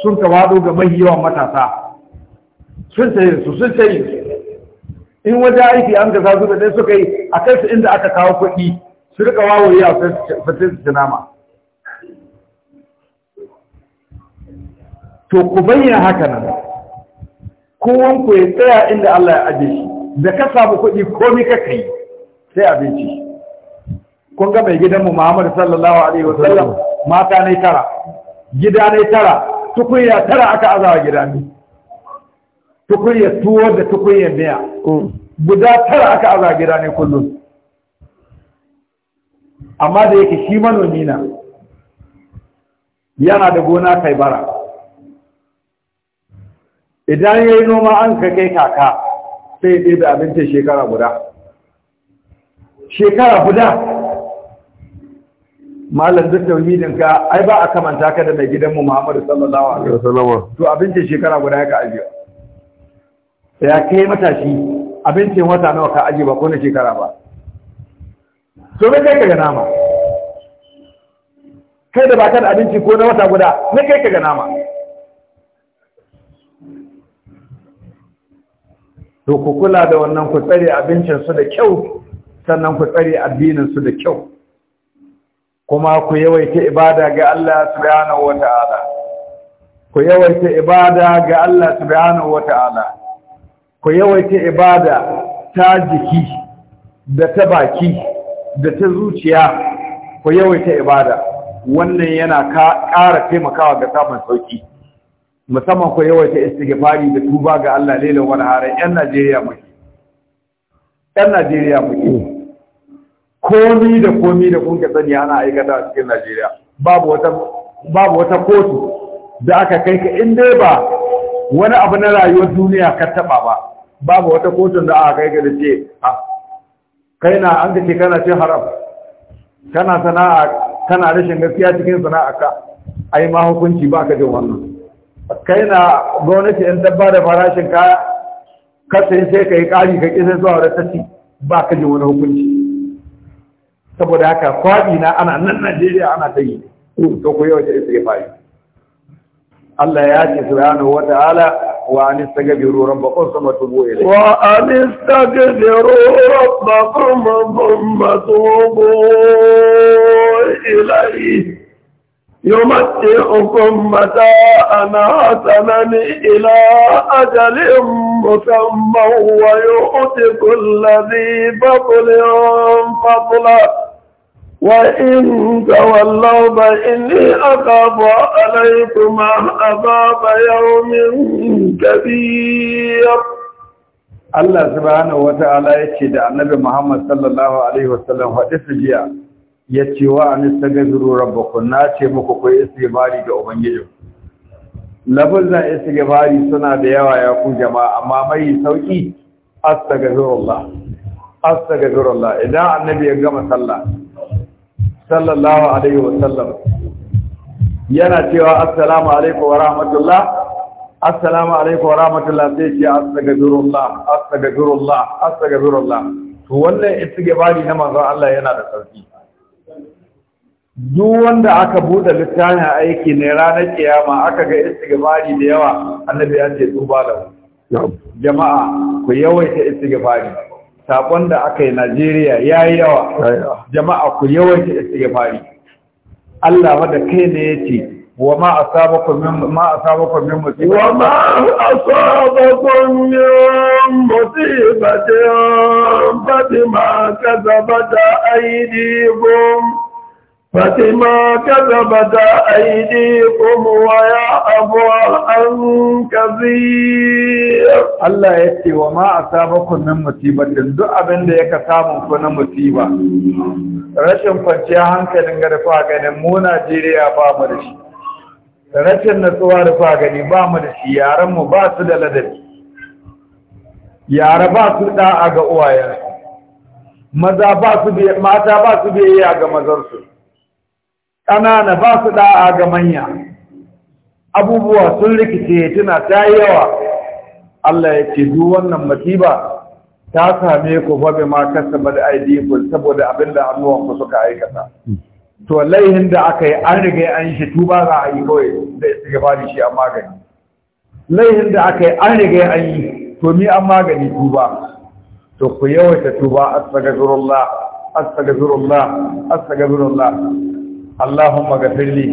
sun ka wado ga mahiyawan matasa sun sayi su sun sayi su in waje aiki an gaza sasu da suka yi a kai su inda aka kawo kuɗi su rika wawaye a fatin su nama to ku bayyana haka nan kowan ku ya tsaya inda Allah ya aje shi da ka samu kuɗi komi ka kai sai abinci kun ga mai gidanmu Muhammad sallallahu alaihi wa sallam mata ne tara gida ne tara tukunya tara aka azawa gida ne tukuyar tuwo da tukuyar miya mm. guda tara aka aza gida ne kullum amma da yake shi manomi na yana da gona kai bara idan ya yi noma an ka kai kaka sai ya ɗebe abincin shekara guda shekara guda malam duk tauhidin ka ai ba a kamanta ka da mai gidanmu Muhammadu sallallahu alaihi wasallam to abincin shekara guda ya ka ajiya ya kai matashi abincin wata nawa ka aje ba ko na shekara ba to me kai ka ga nama kai da baka da abinci ko na wata guda me kai ka ga nama to ku kula da wannan ku tsare abincin su da kyau sannan ku tsare addinin su da kyau kuma ku yawaita ibada ga Allah subhanahu wata'ala ku yawaita ibada ga Allah subhanahu wata'ala ku yawaita ibada ta jiki da ta baki da ta zuciya ku yawaita ibada wannan yana ƙara taimakawa ga samun sauki musamman ku yawaita istighfari da tuba ga Allah lailan wa. harai yan Najeriya muke yan Najeriya muke komi da komi da kun sani ana aikata a cikin Najeriya babu wata babu wata kotu da aka kai ka in dai ba wani abu na rayuwar duniya ka taba ba babu wata kotun da aka kai ga ce a ah, kai na an ce kana cin haram kana sana'a kana rashin gaskiya cikin sana'a ka ai ma hukunci ba ka jin wannan kai na gwamnati in dabba da farashin kaya ka sai sai kai kari ka kisa zuwa da tafi ba ka jin wani hukunci saboda haka kwaɗi na ana nan Najeriya ana ta yi to ku yau da fayi الله ياتي سبحانه وتعالى وأن استغفروا ربكم ثم توبوا إليه وأن استغفروا ربكم ثم توبوا إليه يمتعكم متاء حسنا إلى أجل مسمى ويؤتك كل ذي فضل فضله وإن تولوا فإني أخاف عليكم عذاب يوم كبير Allah subhanahu wata'ala ce da Annabi Muhammad sallallahu alaihi wasallam hadisi jiya yace wa anistaghfiru rabbakum na ce muku ku istighfari ga ubangiji lafazan istighfari suna da yawa ya ku jama'a amma mai sauki astaghfirullah astaghfirullah idan Annabi ya gama sallah sallallahu alaihi wasallam yana cewa assalamu alaikum wa rahmatullah assalamu alaikum wa rahmatullah sai ce astaghfirullah astaghfirullah astaghfirullah to wannan istighfari na manzon Allah yana da sauki duk wanda aka bude littafin aiki ne ranar kiyama aka ga istighfari da yawa annabi ya ce tuba da jama'a ku yawaita istighfari saƙon da aka yi Najeriya ya yi yawa jama'a ku ya fari. Allah da kai ne ya ce wa ma asabakum min ma min musibatin wa ma asabakum min musibatin fa فبما كذبت أيديكم ويعفو عن كثير الله يتي وما أصابكم من مصيبة دو أبن da ya samu ko na musiba rashin kwanciyar hankalin garfa ganin mu Najeriya ba mu da shi rashin natsuwa rufa gani ba mu da shi yaran ba su da ladabi yara ba su da'a ga uwayensu maza ba su mata ba su biyayya ga mazarsu ƙanana ba su da'a ga manya abubuwa sun rikice tuna ta yi yawa Allah ya ce duk wannan masiba ta same ku fa ma kasaba da ku saboda abin da hannuwan ku suka aikata to laihin da aka yi an riga an shi tuba za a yi kawai da da shi a magani laihin da aka yi an riga an yi to mi an magani tuba to ku yawaita tuba astaghfirullah astaghfirullah astaghfirullah اللهم اغفر لي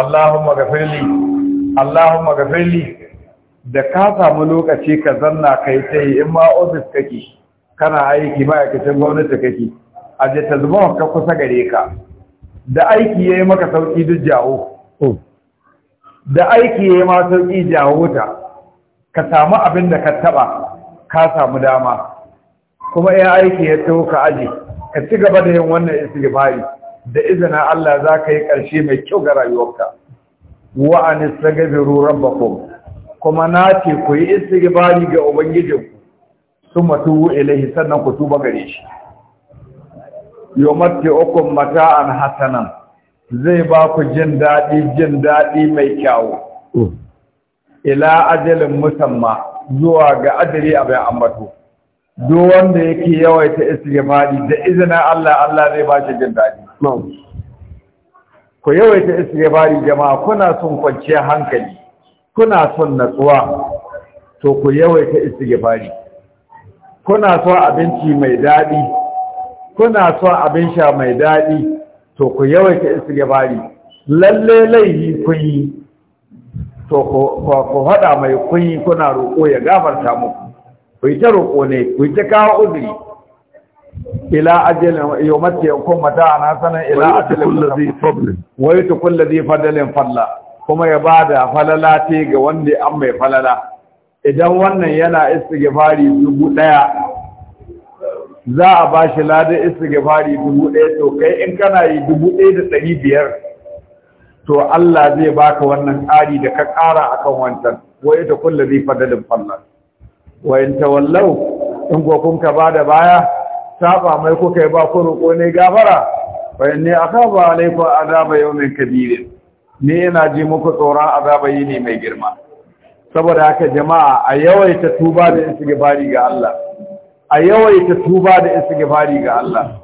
اللهم اغفر لي اللهم اغفر لي da ka samu lokaci ka zanna kai sai in ma office kake kana aiki ma'aikacin gwamnati kake a je ta zuba ka kusa gare ka da aiki yayi maka sauki duk jawo da aiki yayi ma sauki jawo ta ka samu abin da ka taba ka samu dama kuma ya aiki ya tauka aji ka ci gaba da yin wannan istighfari da izina Allah za ka yi ƙarshe mai kyau ga rayuwarka wa'ani ta gafi ruran bakon kuma na ce ku yi bari ga ubangijinku sun matubu ilahi sannan ku tuba gare shi okun mata an hasanan zai ba ku jin daɗi jin daɗi mai kyawu ila ajalin musamma zuwa ga ajali a bai ambato duk wanda yake yawaita istighfari da izinin Allah Allah zai ba shi jin daɗi ku yawaita istighfari jama'a kuna son kwanciyar hankali kuna son natsuwa to ku yawaita istighfari kuna son abinci mai daɗi kuna son abin sha mai daɗi to ku yawaita istighfari lalle laihi kun yi to ku hada mai kun yi kuna roƙo ya gafarta muku ku yi ta roƙo ne ku yi ta kawo uzuri ila ajalin yawmati yakum mata'ana sanan ila ajalin ladhi fadlin wa yutul ladhi fadlin falla kuma ya bada falala ce ga wanda an mai falala idan wannan yana istighfari dubu daya za a ba shi ladan istighfari dubu daya to kai in kana yi dubu daya da dari biyar to Allah zai baka wannan ƙari da ka ƙara akan wancan wa yutul ladhi fadlin falla wa in tawallaw in ko kun ka bada baya saba mai kai ba ku roƙo ne gafara fa inni akhafu alaykum adaba yawmin kabir ne yana ji muku tsoron azaba yini mai girma saboda haka jama'a a yawaita tuba da istighfari ga Allah a yawaita tuba da istighfari ga Allah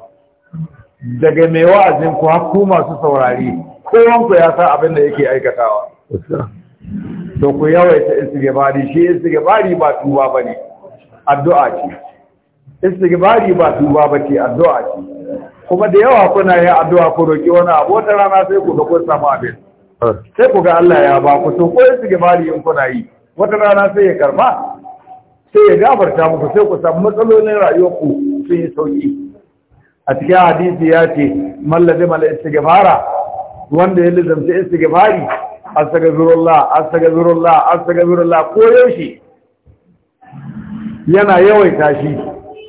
daga mai wa'azin ku har ku masu saurari kowan ku ya sa abin da yake aikatawa to ku yawaita istighfari shi istighfari ba tuba bane addu'a ce istighfari ba tuba ba ce addu'a ce kuma da yawa kuna yin addu'a ku roki wani abu wata rana sai ku dako kun samu abin sai ku ga Allah ya ba ku to ko istighfari in kuna yi wata rana sai ya karba sai ya gafarta muku sai ku samu matsalolin rayuwar ku sun yi sauki a cikin hadisi ya ce mallaze mala istighfara wanda ya lizamta istighfari astaghfirullah astaghfirullah astaghfirullah ko yaushe yana yawaita shi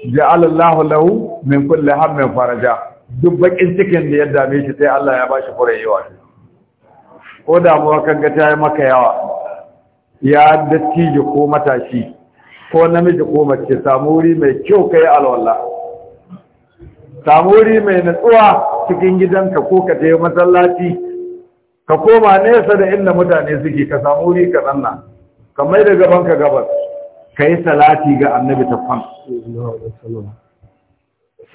ja'ala Allah lahu min kulli hammin faraja duk bakin cikin da ya dame shi sai Allah ya bashi furayewa ko damuwa kan ga tayi maka yawa ya ji ko matashi ko namiji ko mace samu mai kyau kai alwala samu mai natsuwa cikin gidanka ko ka tayi masallaci ka koma nesa da inda mutane suke ka samu wuri ka sanna ka mai da gaban ka gabas kai salati ga annabi ta fam.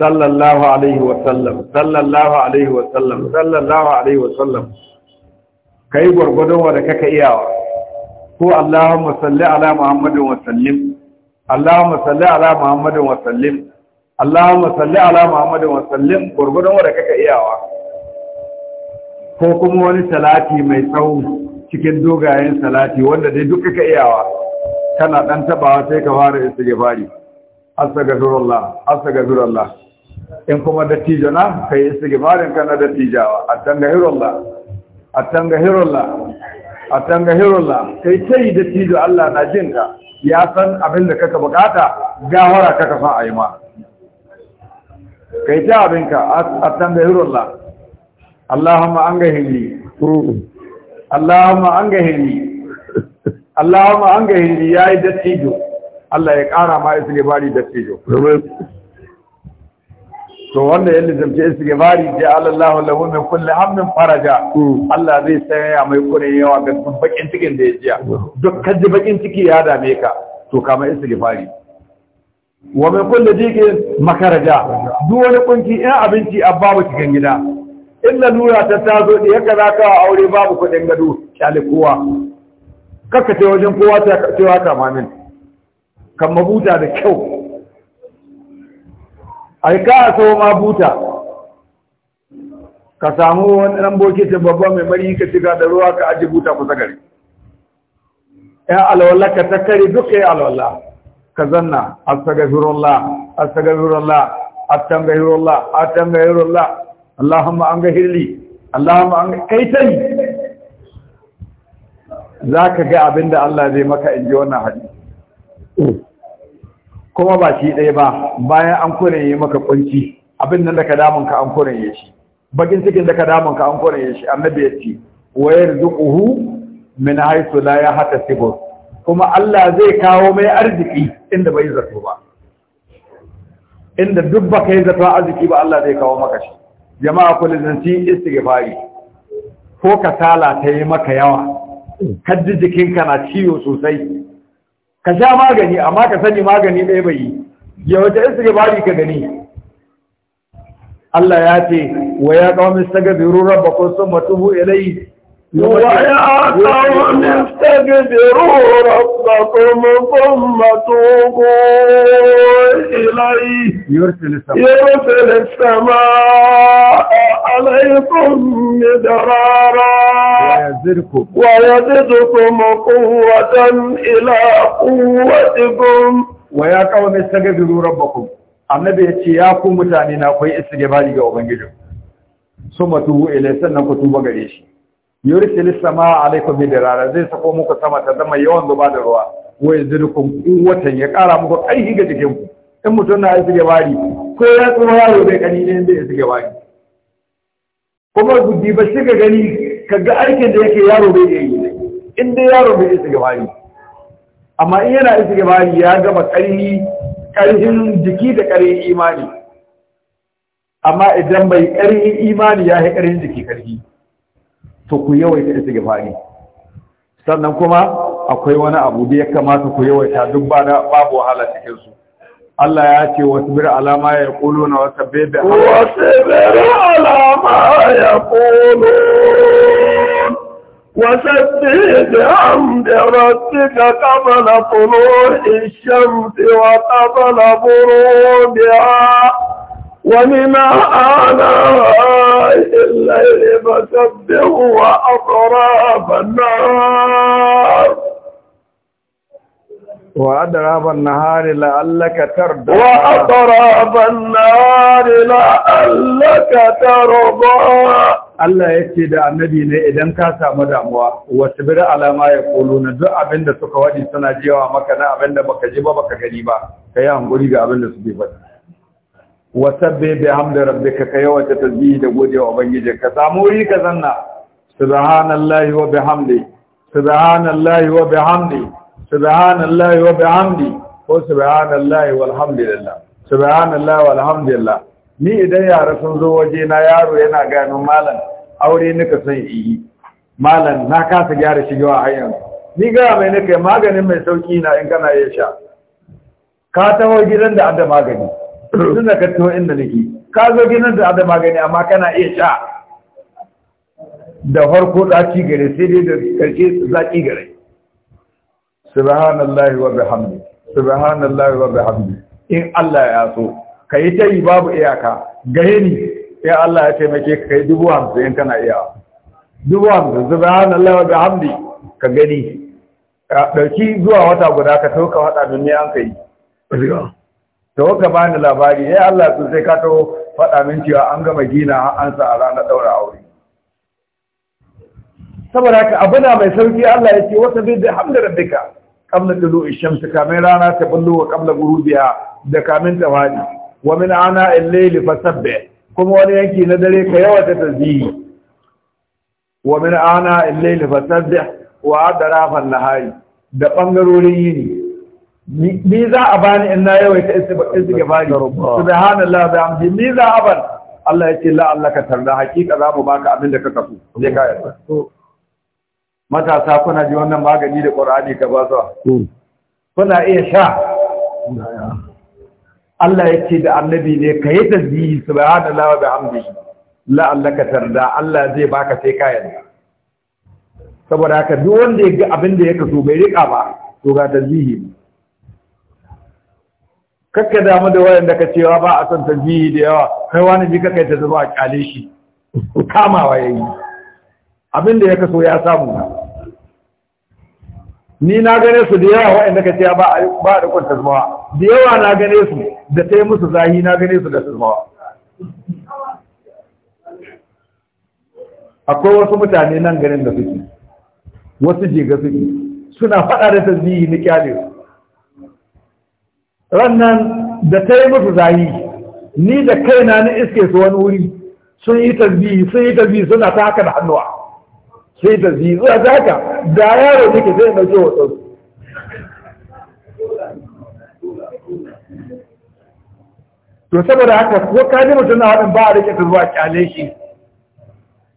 sallallahu alaihi wa sallam sallallahu alaihi wa sallam sallallahu alaihi wa sallam kai gurgudun wa da kaka iyawa ko allahumma salli ala muhammadin wa sallim allahumma salli ala muhammadin wa sallim allahumma salli ala muhammadin wa sallim gurgudun wa da kaka iyawa ko kuma wani salati mai tsawo cikin dogayen salati wanda dai duk kaka iyawa kana dan tabawa sai ka fara istighfari astaghfirullah astaghfirullah in kuma dattijo na kai istighfarin kana dattijawa astaghfirullah astaghfirullah astaghfirullah kai kai dattijo Allah na jin ka ya san abin da kaka bukata gawara kaka san ayi ma kai ta abinka astaghfirullah Allahumma an gahili mm. Allahumma an gahili ma an ga hindi yi dattijo Allah ya ƙara ma istighfari dattijo to wanda ya lizamci istighfari ja Allahu lahu min kulli hammin faraja hmm. Allah zai saya mai kure yawa ga bakin cikin da ya jiya hmm. duk ji bakin ciki ya dame ka to kama bari. wa mai kulli jikin makaraja duk wani kunki yan abinci a babu cikin gida in lalura ta tazo da ya kaza ka aure babu kuɗin gado kyale kowa kakka ce wajen kowa cewa ta mamin kan mabuta da kyau ai ka so ma buta ka samu wani ɗan bokitin babba mai mari ka shiga da ruwa ka aji buta kusa gari ya alwala ka ta kare duk ya alwala ka zanna astagfirullah astagfirullah astagfirullah astagfirullah Allahumma an gahirli Allahumma an kaitai za ka ga abin da Allah zai maka in ji wannan hadisi kuma ba shi ɗaya ba bayan an yi maka ƙunci abin nan da ka damun ka an ya shi bakin cikin da ka damun ka an ya shi annabi ya ce wayar zuƙuhu min haisu la yahtasibun kuma Allah zai kawo mai arziki inda bai zato ba inda duk baka yi zato arziki ba Allah zai kawo maka shi jama'a kullu zanci istighfari ko kasala ta yi maka yawa kaddi jikinka na ciwo sosai ka sha magani amma ka sani magani ɗaya bai yi ya wata bari ka gani Allah ya ce wa ya qawmi rabba ko sun tubu ilai ويا قوم استكبروا ربكم ثم توبوا إليه يرسل السماء, يرسل السماء عليكم مدرارا ويزدكم قوة إلى قوتكم ويا قوم استكبروا ربكم annabi ya ce ya ku mutane na kwai istigibari ga ubangiji Sun tubu ilai sannan ku tuba gare shi Yuri yursil samaa alaikum Rara zai sako muku sama ta zama yawan zuba da ruwa wai zirkum quwwatan ya kara muku aiki ga jikin ku in mutum na aiki bari ko ya tsoro yaro bai kani ne zai aiki bari kuma gudi ba shiga gani ka ga aikin da yake yaro bai yi ne in dai yaro bai aiki bari amma in yana aiki bari ya gama karni karhin jiki da karhin imani amma idan bai karhin imani ya yi karhin jiki karhi to ku yawaita istighfari sannan kuma akwai wani abu da ya kamata ku yawaita duk ba da babu wahala cikin su Allah ya ce wasu alama ya na wasbir ala ma yaquluna wa sabbih bi wasbir ala kama na وسبح in shan قبل ta الشمس buru biya. ومن آناء الليل فسبه وأطراف النار وأطراف النهار لعلك ترضى وأطراف النار لعلك ترضى Allah ya ce da annabi ne idan ka samu damuwa wasu biri alama ya kolo na duk abinda suka waɗi suna jewa maka na abinda baka ji ba baka gani ba ka yi hanguri ga abinda suke faɗi wasabbe bi hamdi rabbika ka yawata tasbihi da wa ubangiji ka samu wuri ka zanna subhanallahi wa bihamdi subhanallahi wa bihamdi subhanallahi wa bihamdi ko subhanallahi walhamdulillah subhanallahi walhamdulillah ni idan yara sun zo waje na yaro yana gano malam aure nika son yi malam na kasa gyara shigewa a yanzu ni ga mai kai maganin mai sauki na in kana iya sha ka taho gidan da adda magani tunda ka tuwa inda nake ka zo ginin da da magani amma kana iya sha da farko zaki gare sai dai da ƙarshe zaƙi gare subhanallahi wa bihamdi subhanallahi wa bihamdi in Allah ya so ka yi yi babu iyaka gare ni ya Allah ya taimake ka kai dubu hamsin in kana iya dubu hamsin subhanallahi wa bihamdi ka gani ɗauki zuwa wata guda ka tauka wata duniya an kai to ka bani labari ya eh Allah sun sai ka taho faɗa min cewa an gama gina an sa a ranar ɗaura aure saboda haka abu na mai sauki Allah ya ce wata bai da hamda rabbika qabla tulu'i shamsi kamin rana ta bullo wa qabla ghurubiha da kamin ta Wani wa min ana al-layli kuma wani yanki na dare ka yawa ta tasbihi wa min ana al-layli wa adrafa an-nahari da bangarorin yini ni za a bani in na yawaita istighfari subhanallah bi hamdi ni za a ban Allah ya ce la Allah ka tarda hakika za mu baka abin da ka kafu zai kaya yarda matasa kuna ji wannan magani da Qur'ani ka ba su kuna iya sha Allah ya ce da annabi ne ka yi tasbihi subhanallah wa bihamdihi la Allah ka tarda Allah zai baka sai kaya yarda saboda haka duk wanda ya ga abin da ya kasu bai riƙa ba to ga ne kakka damu da wayan da ka cewa ba a son tasbihi da yawa kai wani ji kakai ta zama a kyale shi kamawa yayi abin da ya kaso ya samu ni na gane su da yawa wayan da ka cewa ba ba da kun zuwa da yawa na gane su da tai musu zahi na gane su da zuwa akwai wasu mutane nan garin da suke wasu jiga suke suna faɗa da tasbihi ni kyale su rannan da ta yi musu zayi ni da kaina na iske su wani wuri sun yi tasbihi sun yi tasbihi suna ta haka da hannuwa sun yi tasbihi zuwa ta haka da yaro nake zai ɗauke wa wato to saboda haka ko ka ji mutum na haɗin ba a rike zuwa kyale shi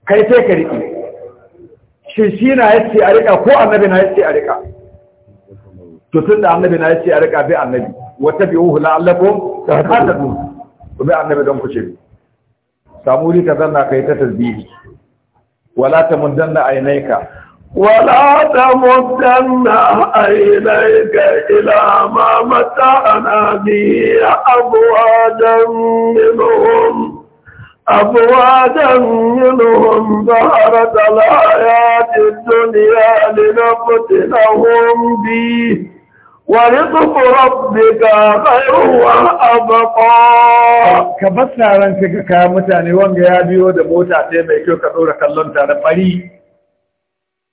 kai sai ka rike shi shi na yace a rika ko annabi na yace a rika to tun da annabi na yace a rika bai annabi واتبعوه لعلكم تهتدون وما عندنا بدون كشف ساموري كذلنا كيت تسبيح ولا تمدن عينيك ولا تمدن عينيك الى ما متعنا به ابوادا منهم ابوادا منهم ظهرت الايات الدنيا لنفتنهم به ورزق ربك خير وأبقى ka basa ranka ga kaya mutane wanga ya biyo da mota sai mai kyau ka ɗora kallon ta da fari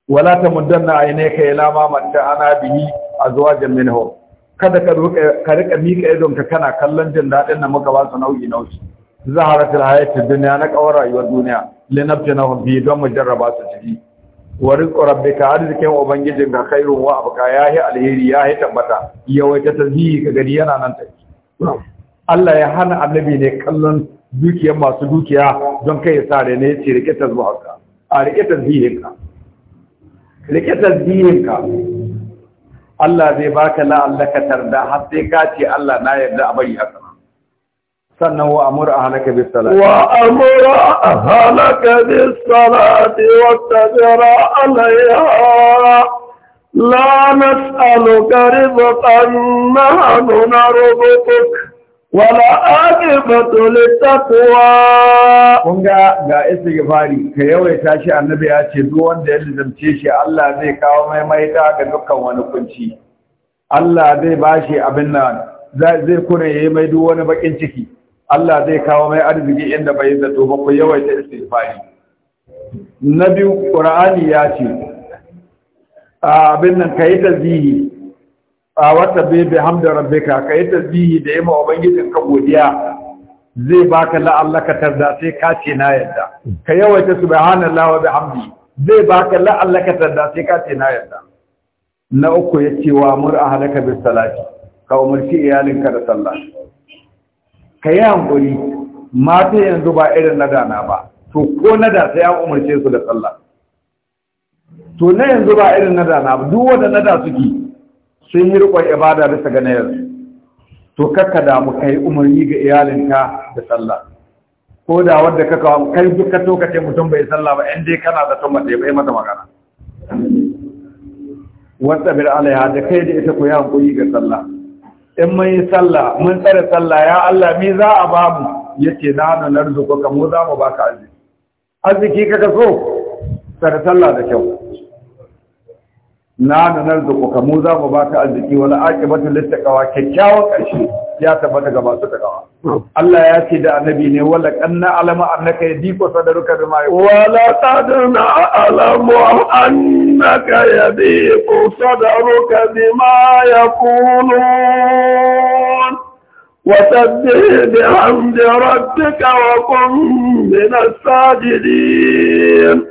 wala ta muddanna aine ka ila ma manta ana bihi azwajan minhu kada ka roƙa ka rika mika idon ka kana kallon jin daɗin da muka ba su nau'i nau'i zaharatul ta duniya na kawar rayuwar duniya linabjanahu bi don mu jarraba su ciki wa rizqu rabbika arzikin ubangijin ga khairun wa abqa yahi alheri yahi tabbata yawaita tazihi ka gari yana nan take Allah ya hana annabi ne kallon dukiyar masu dukiya don kai ya sa da ne ce rike ka a rike tazihinka rike ka. Allah zai baka la'allaka tarda har sai ka ce Allah na yarda a bari haka sannan wa a hana bis salati wa a ahlaka bis salati wattabira alayha la nas'aluka rizqan nahnu narzuquk wala aqibatu littaqwa kun ga ga istighfari ka yawaita shi annabi ya ce duk wanda ya lizamce shi Allah zai kawo mai ta ga dukkan wani kunci Allah zai bashi abin nan zai kure yayi mai duk wani bakin ciki Allah zai kawo mai arziki inda bai zato ba ku yawaita istighfari na biyu qur'ani ya ce abin nan kai zihi a wata bebe hamda rabbika kai zihi da yamma ubangijin ka godiya zai baka ka tarda sai ka ce na yadda ka yawaita subhanallahi wa bihamdi zai baka ka tarda sai ka ce na yadda na uku yace wa mur ahlaka bis salati ka umarci iyalinka da sallah ka yi hankuri mata yanzu ba irin na na ba to ko na da sai an umarce su da sallah to na yanzu ba irin na na ba duk wanda da suke sun yi rikon ibada bisa ga yanzu to kakka damu kai umarni ga iyalinka da sallah ko da wanda kaka kai duk ka tokace ce mutum bai sallah ba yan dai kana da tamba da bai mata magana wasta bir alaiha da kai da ita ku yi hankuri ga sallah in mun yi sallah mun tsare sallah ya Allah me za a ba mu yace na na ka mu za mu baka arziki arziki kaka so tsare sallah da kyau na na narzuka mu za mu baka arziki wala aqibatu littaqwa kyakkyawa karshe ya tabbata ga masu takawa Allah ya ce da annabi ne wala kanna alama annaka yadiko sadaruka bima wala qadna alamu an إنك يضيق صدرك بما يقولون وسبح بحمد ربك وكن من الساجدين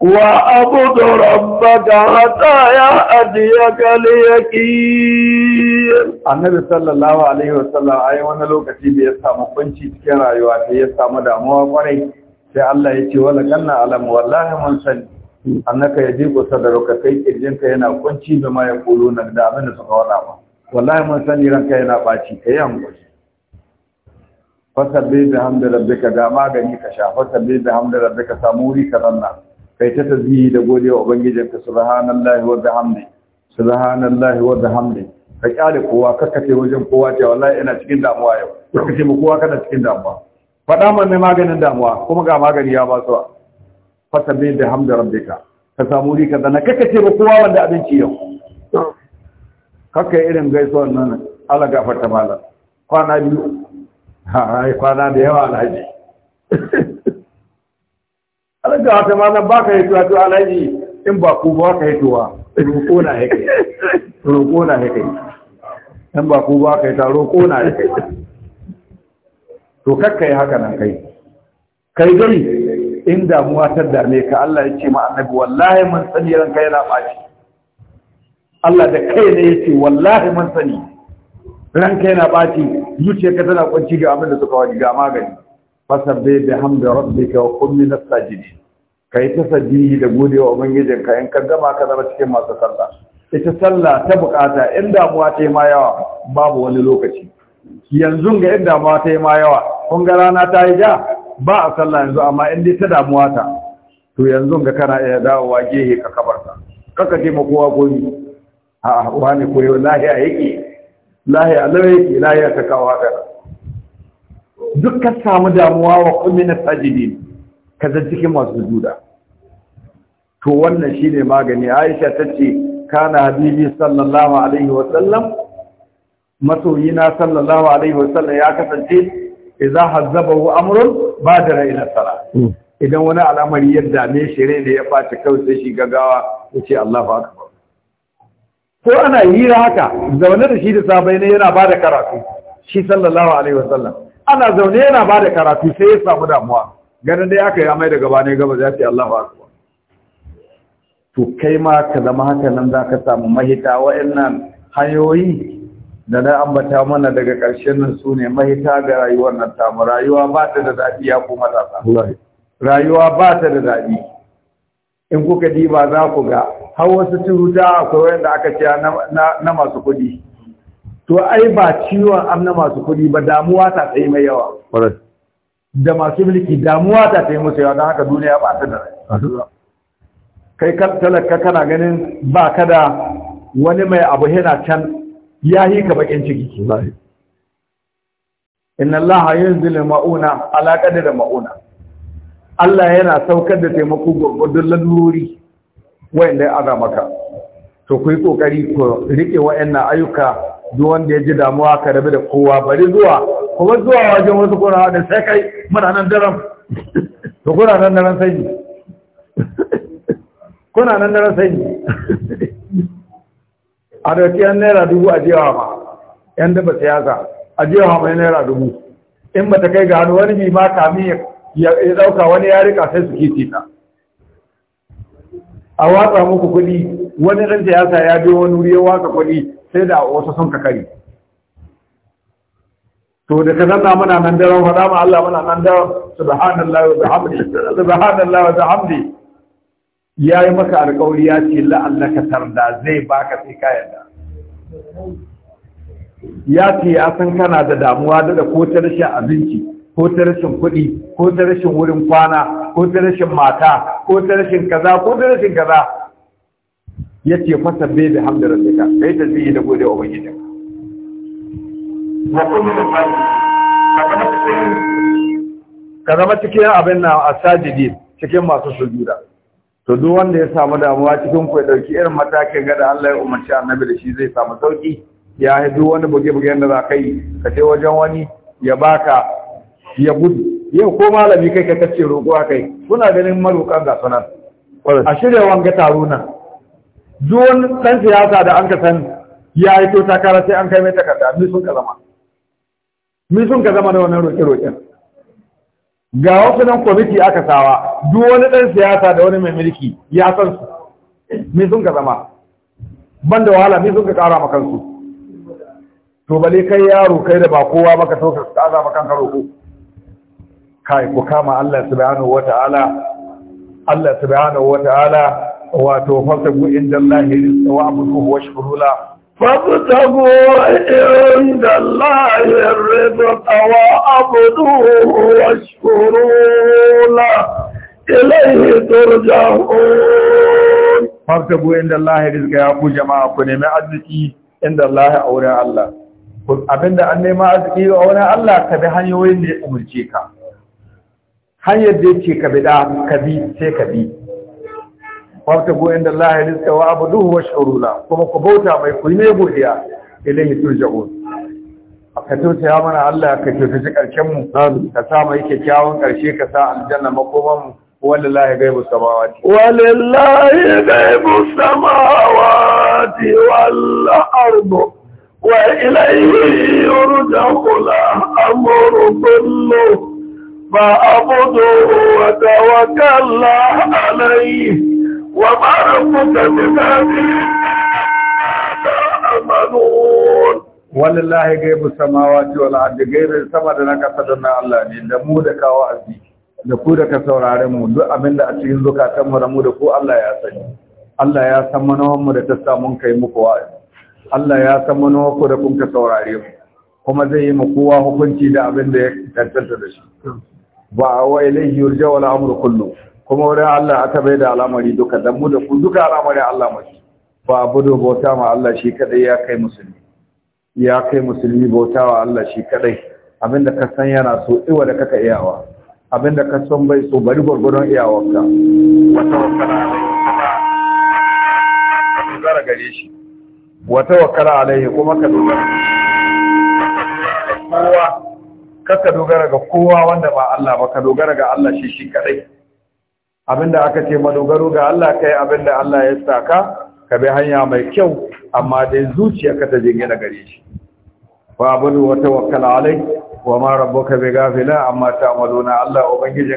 وأبد ربك حتى يأتيك اليقين النبي صلى الله عليه وسلم أي وانا لو كتب ya samu kunci يواتي rayuwa sai ya samu الله kwarai sai Allah ya ce wala kanna annaka sadaro ka kai kirjinka yana kwanci da ma ya kolo na da abin da suka wada ba wallahi mun sani ranka yana baci kai hankali fasabbi da hamdu rabbika ga magani ka sha fasabbi da hamdu rabbika samu wuri ka zanna kai ta tazihi da ubangijin ka subhanallahi wa bihamdi subhanallahi wa bihamdi ka kyale kowa kakkace wajen kowa ce wallahi ina cikin damuwa yau kakkace mu kowa kana cikin damuwa faɗa mana maganin damuwa kuma ga magani ya ba su fasabbi da hamdar rabbika ka samu rika da na kaka ce ba kowa wanda abinci yau kaka irin gaisuwar nan ala gafarta mala kwana biyu ha ha kwana da yawa alhaji ala gafarta mala ba ka yi tuwa tuwa alhaji in ba ku ba ka yi tuwa roƙo na ya kai roƙo na ya kai in ba ku ba ka yi ta roƙo na ya kai to kakka yi haka nan kai kai dai in damuwa ta dame ka Allah ya ce ma annabi wallahi mun sani ranka yana baci Allah da kai ne yake wallahi mun sani ranka yana baci ka tana kwanci ga abin da suka wani ga magani fasabbe bi hamdi rabbika wa qum min as-sajidin kai tasabbihi da wa ubangijin ka in ka gama ka zama cikin masu sallah ita sallah ta bukata in damuwa ta yi ma yawa babu wani lokaci yanzu ga in damuwa ta yi ma yawa kun ga rana ta yi ja ba a sallah yanzu amma in dai ta damuwa ta to yanzu ga kana iya dawowa gehe ka kabarta kaka ce ma kowa komi a wani koyo lahiya yake lahiya lawa yake lahiya ta kawo haka duk ka samu damuwa wa kullina sajidin ka zan cikin masu juda to wannan shine magani Aisha tace kana habibi sallallahu alaihi wa sallam masoyina sallallahu alaihi wa sallam ya kasance idza hazzabahu amrun badara ila nasara idan wani al'amari ya dame shi rai da ya faci kawai sai shi gagawa ya ce Allahu akbar ko ana hira haka zaune da shi da sabai ne yana bada karatu shi sallallahu alaihi wasallam ana zaune yana bada karatu sai ya samu damuwa ganin dai aka yi amai da gaba ne gaba ya ce Allahu akbar to kai ma ka zama haka nan za ka samu mahita wa'annan hanyoyi da na ambata mana daga ƙarshen nan su ne mahita ga rayuwar nan tamu rayuwa ba ta da daɗi ya ku matasa rayuwa ba ta da daɗi in kuka diba za ku ga har wasu turuta akwai wanda aka ce na masu kuɗi to ai ba ciwon am na masu kuɗi ba damuwa ta tsaye mai yawa da masu mulki damuwa ta tsaye musu yawa don haka duniya ba ta da kai talaka kana ganin ba ka da wani mai abu yana can ya yi ka bakin ciki inna allaha yanzilu mauna ala da mauna Allah yana saukar da taimako gurgurdun laluri da ya aga maka to ku yi ƙoƙari ku rike na ayyuka duk wanda ya ji damuwa ka rabu da kowa bari zuwa kuma zuwa wajen wasu kuna da sai kai muna nan daren to kuna nan daren sanyi kuna nan daren sanyi a dauki yan naira dubu a jewa ma yan daba siyasa a jewa mai naira dubu in ba ta kai ga hannu wani ma kami ya dauka wani ya rika sai su kiti ta a watsa muku kuɗi wani dan siyasa ya biyo wani wuri ya watsa kuɗi sai da wasu sun ka kari to da ka zanna muna nan daren faɗa ma Allah muna nan daren subhanallahi wa bihamdihi subhanallahi wa bihamdihi ya yi maka alkawari ya ce la'allaka tarda zai baka sai ka yarda ya ce ya san kana da damuwa da ko ta rashin abinci ko ta rashin kuɗi ko ta rashin wurin kwana ko ta rashin mata ko ta rashin kaza ko ta rashin kaza ya ce fasa bai da hamdar rabbika kai ta zai da gode wa ubangijin ka zama cikin abin na asajidi cikin masu sujuda to duk wanda ya samu damuwa cikin ku ya dauki irin matakin ga da Allah ya umarci annabi da shi zai samu sauki ya yi duk wani buge buge da za ka yi ka je wajen wani ya baka ya gudu yau ko malami kai ka kace roƙuwa kai kuna ganin maroƙan ga sunan a shirya wanga taro nan duk wani ɗan siyasa da an ka san ya yi to takara sai an kai mai takarda mi sun ka zama mi sun ka zama da wannan roƙe-roƙen ga wasu nan kwamiti aka sawa duk wani ɗan siyasa da wani mai mulki ya san su mai sun ka zama ban da wahala mai sun ka ƙara ma kansu to bale kai yaro kai da ba kowa baka so ka tsara ma kanka roƙo kai ku kama Allah subhanahu Ta'ala, Allah subhanahu Ta'ala, wato fasabu inda Allah rizqa wa abuduhu wa فابتغوا عند الله الرزق وعبدوه واشكروا له إليه ترجعون فابتغوا عند الله الرزق يا أبو جماعة كنما أزكي عند الله أولى الله abinda an nema arziki a wani Allah ka bi hanyoyin da ya umarce ka hanyar da ya ce ka bi da ka bi sai ka bi wata goyin da Allah ya rizka wa abuduhu wa shurula kuma ku bauta mai ku ne godiya ilayhi turja'un ka ya mana Allah ka kyautaci karshenmu, mu ka sa mai kyakkyawan karshe ka sa aljanna makoman mu ولله غيب السماوات ولله غيب السماوات والأرض وإليه Ba الأمر كله wa وتوكل عليه وما ربك بغافل تعملون wallahi gaibu a wal ardi gaibin sama da na kasa da na Allah ne da mu da kawo azi da ku da ka saurare mu duk abin da a cikin zukatan mu da mu da ku Allah ya sani Allah ya san manowan mu da ta samu kai muku wa'azi Allah ya san manowan ku da kun ka saurare mu kuma zai yi mu kowa hukunci da abin da ya tantance da shi ba a wa ilayhi yurja wal amru kullu kuma wurin Allah aka bai da al'amari duka dan mu da ku duka al'amari Allah ba fa abudu bauta ma Allah shi kadai ya kai musulmi ya kai musulmi bauta wa Allah shi kadai abinda ka san yana so iwa da kaka iyawa abinda ka san bai so bari gurgurun iyawarka wa tawakkala alaihi dogara gare shi wa tawakkala alaihi kuma ka dogara kowa ka dogara ga kowa wanda ba Allah ba ka dogara ga Allah shi shi kadai abinda aka ce madogaro ga Allah kai abinda Allah ya saka ka bi hanya mai kyau amma dai zuciyarka ta jingina gare shi wa abudu wa tawakkal alai wa ma rabbuka ghafila amma ta'maluna Allah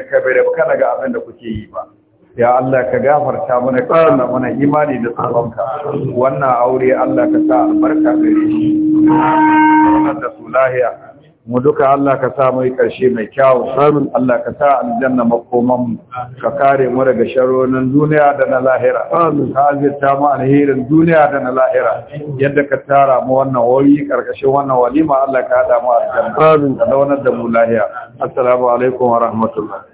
ka bai da kana ga abinda kuke yi ba ya Allah ka gafarta mana karna mana imani da tsaronka wannan aure Allah ka sa albarka gare shi wannan da sulahiya mu duka Allah ka sa mai ƙarshe mai kyawu samun Allah ka sa aljanna makoman ka kare mu daga sharonin duniya da na lahira ka azirta mu alherin duniya da na lahira yadda ka tara mu wannan wayi ƙarƙashin wannan walima Allah ka haɗa mu aljanna ka da mu lahiya assalamu alaikum wa rahmatullah